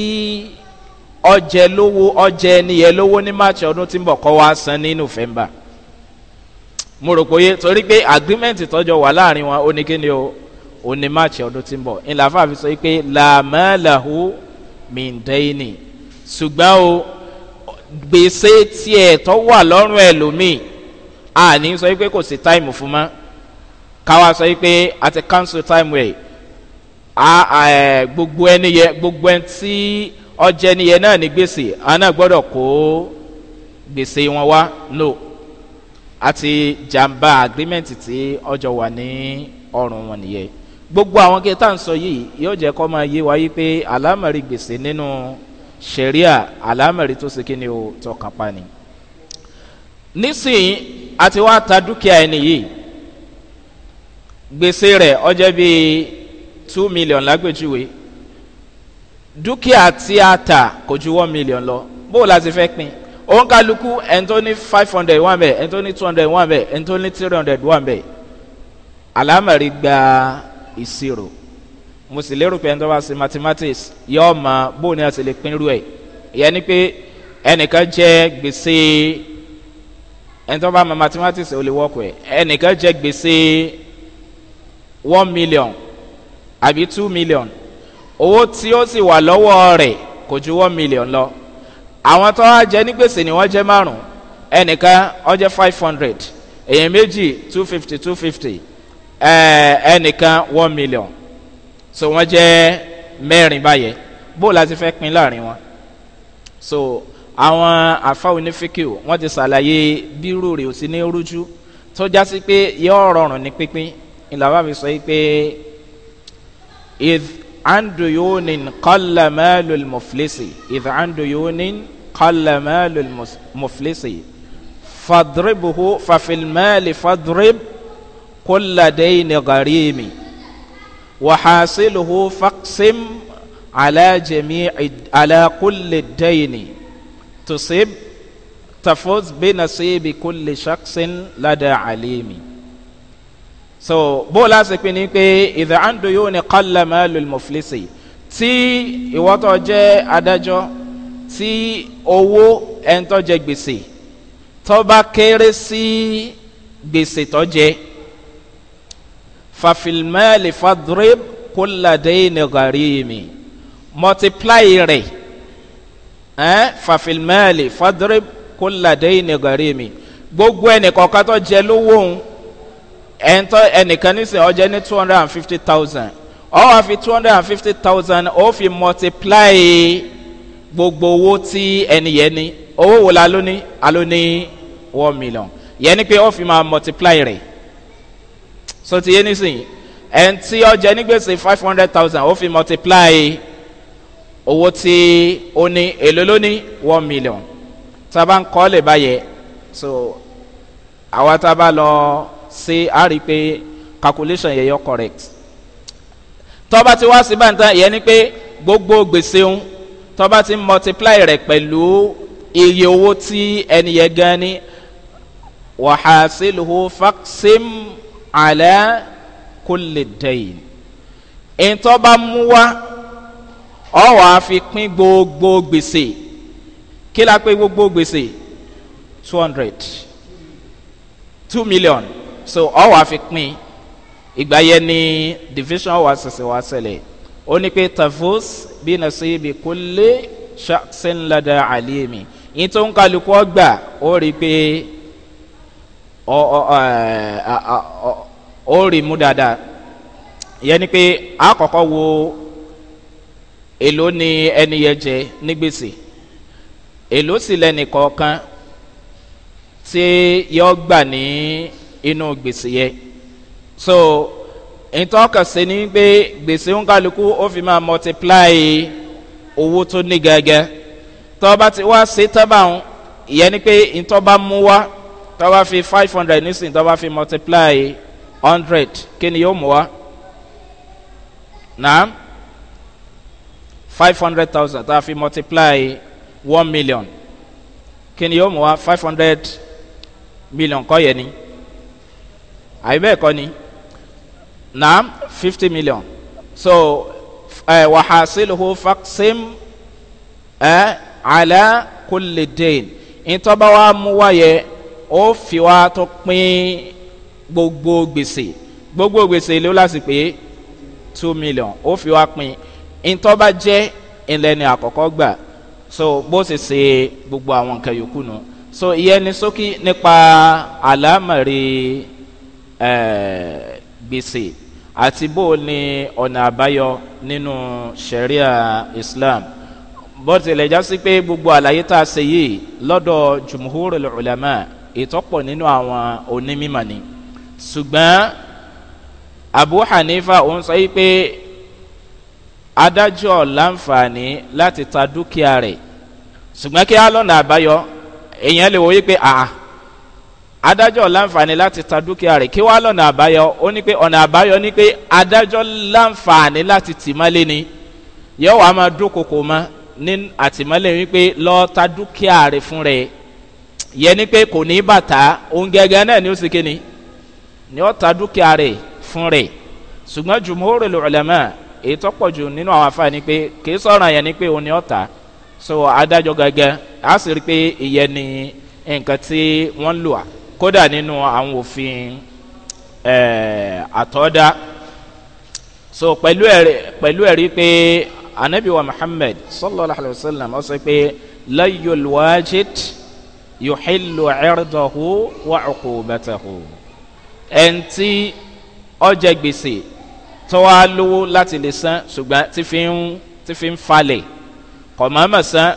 ọjẹ lówó ọjẹ ẹniyẹ lówó ní march ọdún tí ń bọ̀ kọ́ wá san ní november mo rò pé torí pé agreement tọ́jọ́ wà láàrin wọn ó ní kí ni o òní máàcì ọdún tí ń bọ̀ ńlá fàáfi sọ pé làmàlàhù mìndẹ́yìnì ṣùgbọ́n o gbèsè tiẹ̀ tó wà lọ́rùn ẹlòmíì àní sọ pé kò sí táìmù fún mọ́ káwa sọ pé a ti cancel time rẹ̀ gbogbo ẹni yẹ gbogbo ẹni tí ọjẹ́ ni yẹn náà ní gbèsè àná gbọ́dọ̀ kó gbèsè wọn wá lò àti jàǹbá agreement tí ọjọ́ wà ní ọrùn wọn nìyẹn gbogbo àwọn kí tá à ń sọ yìí yóò jẹ́ kọ́ máa yé wáyé pé àlámọ̀rí gbèsè nínú sẹ̀ríà àlámọ̀rí tó ṣe kí ni o tọkàn pa ni. nísìnyí àti wá ta dúkìá ẹni yìí gbèsè rẹ̀ ọjọ́ bíi two million lágbèjúwe dúkìá tí a tà kò ju one million lọ bó o la ti fẹ́ pin òun kálukú ẹni tó ní five hundred wà bẹ́ẹ̀ ẹni tó ní two hundred wà bẹ́ẹ̀ ẹni tó ní three hundred wà bẹ́ẹ̀ àlámọ̀rí gba ìṣirò mo sì lérò pé ẹni tó bá ṣe mathematics yóò mọ bó ni a sì lè pinru ẹ ìyẹn ni pé ẹnìkan jẹ gbèsè ẹni tó bá mọ mathematics ò lè wọ́ọ̀kù ẹ ẹnìkan jẹ gbèsè one million àbí two million owó tí ó sì wà lọ́wọ́ rẹ̀ kò ju one million lọ àwọn tó wá jẹ ní gbèsè ni wọ́n jẹ márùn ẹnìkan ó jẹ five hundred èèyàn méjì two fifty two fifty ẹnìkan one million so wọ́n jẹ́ mẹ́rin báyẹn bó la ti fẹ́ pin láàrin wọn so àwọn àfa onífíkìw wọ́n ti ṣàlàyé bí rúurì ò sí ní rújú tó já sí pé yóò rọrùn ní pínpín ìlàwọ́ àfi sọ pé if andu yunin kọ́lá mẹ́lùl mọ̀flẹ́sì if andu yunin kọ́lá mẹ́lùl mọ̀flẹ́sì fàdúrébùhù fàfilmẹ́lì fàdúrébù. كل دين غريم وحاصله فاقسم على جميع على كل الدين تصب تفوز بنصيب كل شخص لدى عليم so bó o láti pin ni pé ìdá àndó yóò ní kọ́lá máa lò mọ̀flẹ́sì tí ìwọ́tọ̀ jẹ́ adájọ́ tí owó ẹ̀ńtọ́ jẹ gbèsè tọ́ bá kéré sí gbèsè tọ́ jẹ́ fàfilmẹ́lì fàdúrẹ́b kóládéyìn gàrímì multiply rẹ̀ ẹ́ fàfilmẹ́lì fàdúrẹ́b kóládéyìn gàrímì gbogbo ẹnìkọ̀ọ̀kan tó jẹ lówó òun ẹ̀ńtọ́ ẹnìkan nísìnyí ọjẹ́ ní two hundred and fifty thousand ọ̀hún àfi two hundred and fifty thousand ó fi multiply gbogbo owó tí ẹni yẹn ní owó wò la alóní one million yẹn ni pé ó fi máa multiply rẹ̀ so ti yé nísìnyí ẹn tí ọjà nígbèsè five hundred thousand ó fi multiply owó tí ó ní èlò ló one million tá a bá ń kọ́ lè báyẹ so àwa tá a bá lọ sí a rí i pé calculation yẹ yọ correct tọ́ba ti wá sí bàtà ìyẹn ni pé gbogbo gbèsè ń tọ́ba ti multiply rẹ̀ pẹ̀lú iye owó tí ẹnìyẹn gan ni wàhásílùú fàksim alẹ́ kó lè dẹ̀yìn èyí tó bá mú wá ọ wàá fi pín gbogbo gbèsè kí la pé gbogbo gbèsè two hundred two million so ọ wàá fi ìgbà yẹn ni division wa ṣẹ̀ṣẹ̀ wá ṣẹlẹ̀ ó ní pé tafos bí na ṣe ibi kó lé ṣàṣẹ́ńladà àlẹ́mi yìí tó ń kálukú ọgbà ó rí i pé ọ ọ ọ ọ ó rí mú dáadáa ìyẹn ni pé àkọ́kọ́ wo èló ni ẹni yẹn jẹ ní gbèsè èló sì lẹ́nì kọ̀ọ̀kan tí yọ gbà ní inú gbèsè yẹn so ìtọ́kasí ni pé gbèsè ń kálukú ó fi máa multiply owó tó ní gẹ́gẹ́ tọ́ba ti wá sí tọ́ba ń ìyẹn pé ìtọ́ba mú wá tọ́ba fi five hundred nísìnyí tọ́ba fi multiply hundred kí ni yóò mú wa naam five hundred thousand tá a fi multiply one million kí ni yóò mú wa five hundred million kọ́ yẹn ni àyè bẹ́ẹ̀ kọ́ ni naam fifty million so ẹ wàhásílùú fàksim ẹ àlẹ́ kò lè dẹ́yìn ìtọ́ba wa mú wa yẹ ó fi wa tó pín gbogbo gbèsè gbogbo gbèsè ló láti pé two million ó fi wá pin ntọ́ jẹ́ ìlẹ́ni àkọ́kọ́ gbà so bó sì ṣe gbogbo àwọn nǹkan yòókù nù so ìyẹn ni sókí nípa àlámọ̀rí gbèsè àti bó ni ọ̀nà àbáyọ nínú sharia islam bó tilẹ̀ já sí pé gbogbo àlàyé tá a ṣe yìí lọ́dọ̀ jùmùhúrò lọ́lọ́mà ìtọ́pọ̀ nínú àwọn onímọ̀ ni ṣùgbọ́n abu hanifa òun sọ yìí pé adájọ́ láǹfààní láti ta dúkìá rẹ̀ ṣùgbọ́n kí á lọ́nà àbáyọ èèyàn lè wọ yìí pé àà adájọ́ láǹfààní láti ta dúkìá rẹ̀ kí wá lọ́nà àbáyọ ó ní pé ọ̀nà àbáyọ ní pé adájọ́ láǹfààní láti tìmọ́lé ni yóò wá máa dúnkokò mọ́ ní àtìmọ́lé wípé lọ́ọ́ ta dúkìá rẹ̀ fún rẹ̀ yẹ ni pé kò ní bàtà òun gẹ́gẹ́ náà ni ó sì kéde ni ó ta dúkìá rẹ̀ fún rẹ̀ ṣùgbọ́n jùmọ̀ọ́rẹ̀ lọ́lẹ́mọ̀ èyí tó pọ̀ jù nínú àwọn afáà ni pé kìí sọ̀rọ̀ yẹn ni pé òun ni ó ta so adájọ́ gẹ́gẹ́ á sì rí pé ìyẹn ni nǹkan tí wọ́n lò á kódà nínú àwọn òfin àtọ́dá so pẹ̀lú ẹ̀rí pẹ̀lú ẹ̀rí pé anabi muhammed sallallahu alayhi wa sallam ọ sọ pé layul wajid yuhillu cirdahu wa cuqubatahu ẹni tí ọjà gbèsè tó wá lówó láti lè san ṣùgbọ́n tí fi ń tí fi ń falẹ̀ kọ̀mọ́mọ́ san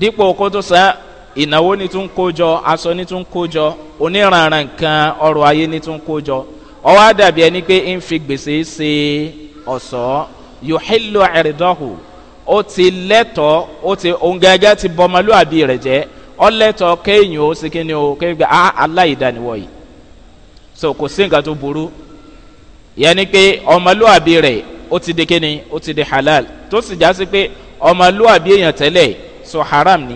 dípò kó tó san ìnáwó ni tún kó jọ aṣọ ni tún kó jọ oníranran nǹkan ọrọ̀ ayé ni tún kó jọ ọwọ́ àdàbí ẹni pé ń fi gbèsè ṣe ọ̀ṣọ́ yòhílò ẹ̀rìndọ́hù ó ti lẹ́tọ̀ọ́ ó ti òǹgàgà ti bọmọlúàbí rẹ̀ jẹ́ ọ lẹ́tọ̀ọ́ kéèyàn ó sì kí ni o kéèyàn gbé ah, aláìdánìwọ̀ so kò sí nǹkan tó burú yẹn ni pé ọmọlúwàbí rẹ̀ ó ti di kíni ó ti di halal tó sì já sí pé ọmọlúwàbí èèyàn tẹ́lẹ̀ so haram ni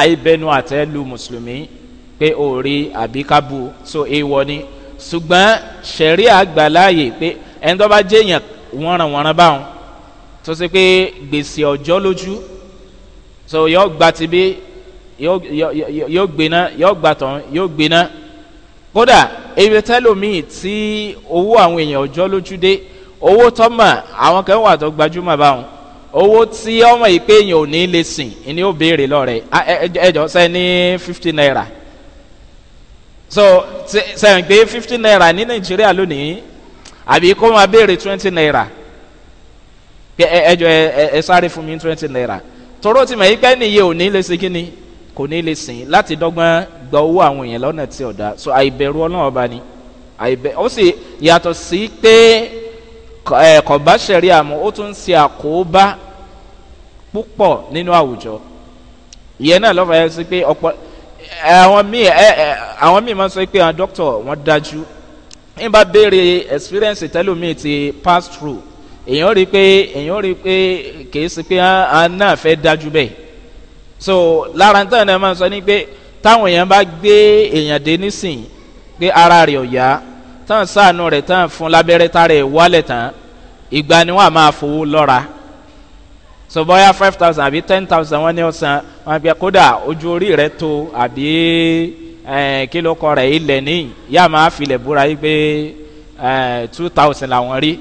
àìbẹnu àtẹ lu mùsùlùmí pé òòrí àbí kábù so èèwọ̀ ni ṣùgbọ́n sẹ̀ríà gbà láàyè pé ẹni tó bá jẹ́ èèyàn wọ́nranwọ́nran báwọn tó ṣe pé gbèsè ọjọ́ lójú so yọ gba tibí yọ gbéná yọ gbàtàn yọ gbéná kódà ebi tẹlomiin tí owó àwọn èèyàn ọjọ́ lójú dé owó tọ́mà àwọn kan wà tó gbajúmọ̀ báwọn owó tí ọmọ yìí pé èèyàn ò ní lè sìn ni ó béèrè lọ́rẹ̀ ẹjọ́ sẹ́ ní fifty naira so sẹ́yìn gbé fifty naira ní nàìjíríà lónìí àbí kó máa béèrè twenty naira ẹjọ ẹ sáré fún mi twenty naira tóró ti mọ̀ yí pé nìyẹn ò ní lè ṣe kí ni kò ní lè sìn láti dọ́gbọ́n gba owó àwọn èèyàn lọ́nà tí ò da so àìbẹ̀rù ọlọ́run ọba ni àìbẹ̀ ó sì yàtọ̀ sí pé ẹ̀ kọ̀bá ṣẹ̀rí àmọ́ ó tún ṣe àkóbá púpọ̀ nínú àwùjọ ìyẹn náà lọ́fà yẹn sí pé ọ̀pọ̀ àwọn míì àwọn míì máa ń sọ pé àwọn dókítà wọn dájú ń bá béèrè experience tẹ́lómi ti pass through èèyàn rí i pé èèyàn rí i pé kì í sí pé àwọn náà fẹ́ dájú bẹ́ẹ̀ so lára ń tàn náà máa ń sọ ní pé táwọn èèyàn bá gbé èèyàn dé nísìn pé ara rẹ̀ ọ̀yá tán sáànù rẹ̀ tán fún lábẹ́rẹ́ tá rẹ̀ wálẹ̀ tán ìgbà ni wọ́n á máa fowó lọ́ra so bóyá five thousand àbí ten thousand wọ́n ní ọ̀sán wọ́n gbé kódà ojú orí rẹ̀ tó àbí kí kọ rẹ̀ ilẹ̀ níyìn yá máa filẹ̀ búra yìí pé two thousand làwọn rí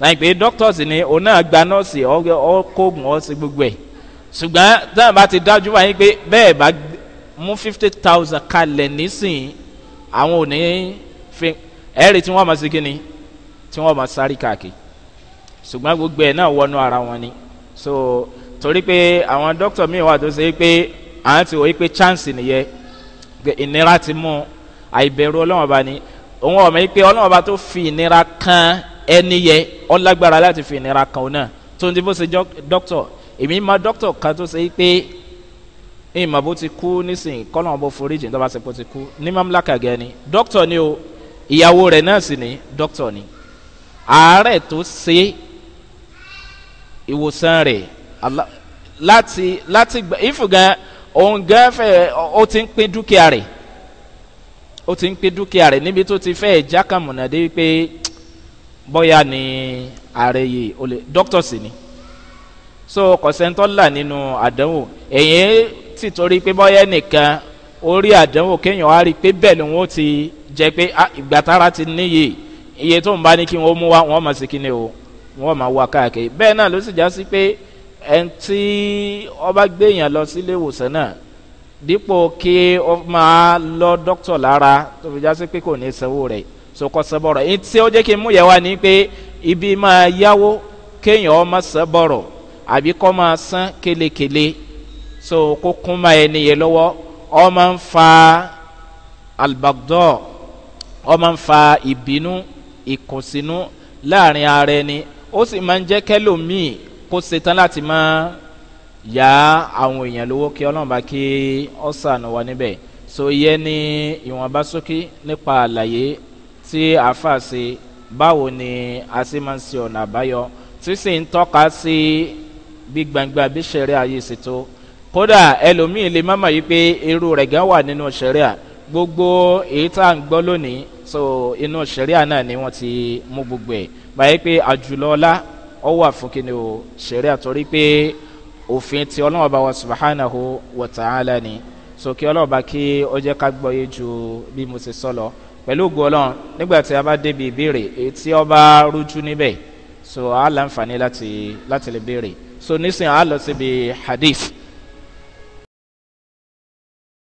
láì pé doctors ni òun náà gba nọ́ọ̀sì ọkọ̀ oògùn ọ̀sìn gbogbo ẹ̀ ṣùgbọ́n táwọn bá ti dájú wáyé pé bẹ́ẹ̀ bá mú fifty thousand kalẹ̀ nísìn àwọn ò ní fi ẹ̀rì tí wọ́n máa ṣe kí ni tí wọ́n máa sáré káàkiri ṣùgbọ́n gbogbo ẹ̀ náà wọnú ara wọn ni so torí pé àwọn dókítà míì wà tó ṣe pé àwọn ti wò ó pé chance nìyẹn ìnira ti mú àìbẹ̀rù ọlọ́wọ́n bá ní òun ọ̀mọ̀ yìí pé ọlọ́wọ́n bá tó fi ìnira kan ẹni yẹ ọlágbára láti fi ìnira kan òun náà tó ń di bó ṣe dókítà èmi máa dókítà kan tó ṣe pé ìmọ̀ bó ti kú nísìnyí kọ́nà ọ̀bọ foríjì tó bá ti kú ti kú ní mamlaka gẹ́ni dókítà ni o ìyàwó rẹ̀ náà sì ni dókítà ni àárẹ̀ tó ṣe ìwòsàn rẹ̀ láti láti gbà ìfùgàn òun gan fẹ́ ó ti ń pín dúkìá rẹ̀ ó ti ń pín dúkìá rẹ̀ níbi tó ti fẹ́ jákàmùnà dé pé bọ́yá ni ààrẹ yìí ó lè dókítà sì ni so kọ̀sẹ̀ńtọ́ là nínú àdánwò ẹ̀yìn sì torí pé bọ́yẹ́ nìkan orí àdánwò kéèyàn wá rí i pé bẹ́ẹ̀ ni wọ́n ti jẹ́ pé ah, ìgbà tára ti níyì iye tó ń bá ní kí wọ́n mú wá wọ́n mọ̀ sí kí o wọ́n máa wá káàkiri bẹ́ẹ̀ náà ló sì já sí pé ẹni tí ọba gbéyàn lọ sílé ìwòsàn náà dípò kí ó máa lọ dókítà lára tó fi já sí pé kò ní sanwó rẹ̀ sokọ sẹ́bọ̀rọ̀ èyí tí ó jẹ́ kí n mú yẹ wá ni pé ibi máa yáwó kéèyàn ọmọ sẹ́bọ̀rọ̀ àbí kọ́ máa san kélekèle. Kele so kó kún máa ẹni yẹn lọ́wọ́ ọ máa ń fa albagdọ́ ọ máa ń fa ìbínú ìkùnsínú láàrin ara ẹni ó sì máa ń jẹ́ kẹ́lòmíì kó ṣetán láti máa yá àwọn èèyàn lówó kí ọlọ́run bá kí ọ sànù wá níbẹ̀ so yẹ ní ìwọ̀nba sókè nípa àlàyé tí àáfàá ṣe báwo ni a ṣe máa ń ṣe ọ̀nà àbáyọ tí sì ń tọ́ka sí bí gbangba bí ṣẹ̀rí ayé kódà ẹlòmíì lè má mà yí pé irú rẹ̀ gan wà nínú sẹ̀ríà gbogbo èyí tá à ń gbọ́ lónìí so inú sẹ̀ríà náà ni wọ́n ti mú gbogbo ẹ̀ báyìí pé àjùlọ ọlá ọ wà fún kí ni o sẹ̀ríà torí pé òfin ti ọlọ́wọ́ba wa subahánahu wa ta'ala ni so kí ọlọ́wọ́ba kí ó jẹ́ ká gbọ́ yé ju bí mo ti sọ lọ pẹ̀lú ògùn ọlọ́run nígbà tí a bá débi ìbéèrè èyí tí ọba rújú níbẹ̀ so a láǹfààní láti láti lè béèrè so nísìnyí a lọ hadith.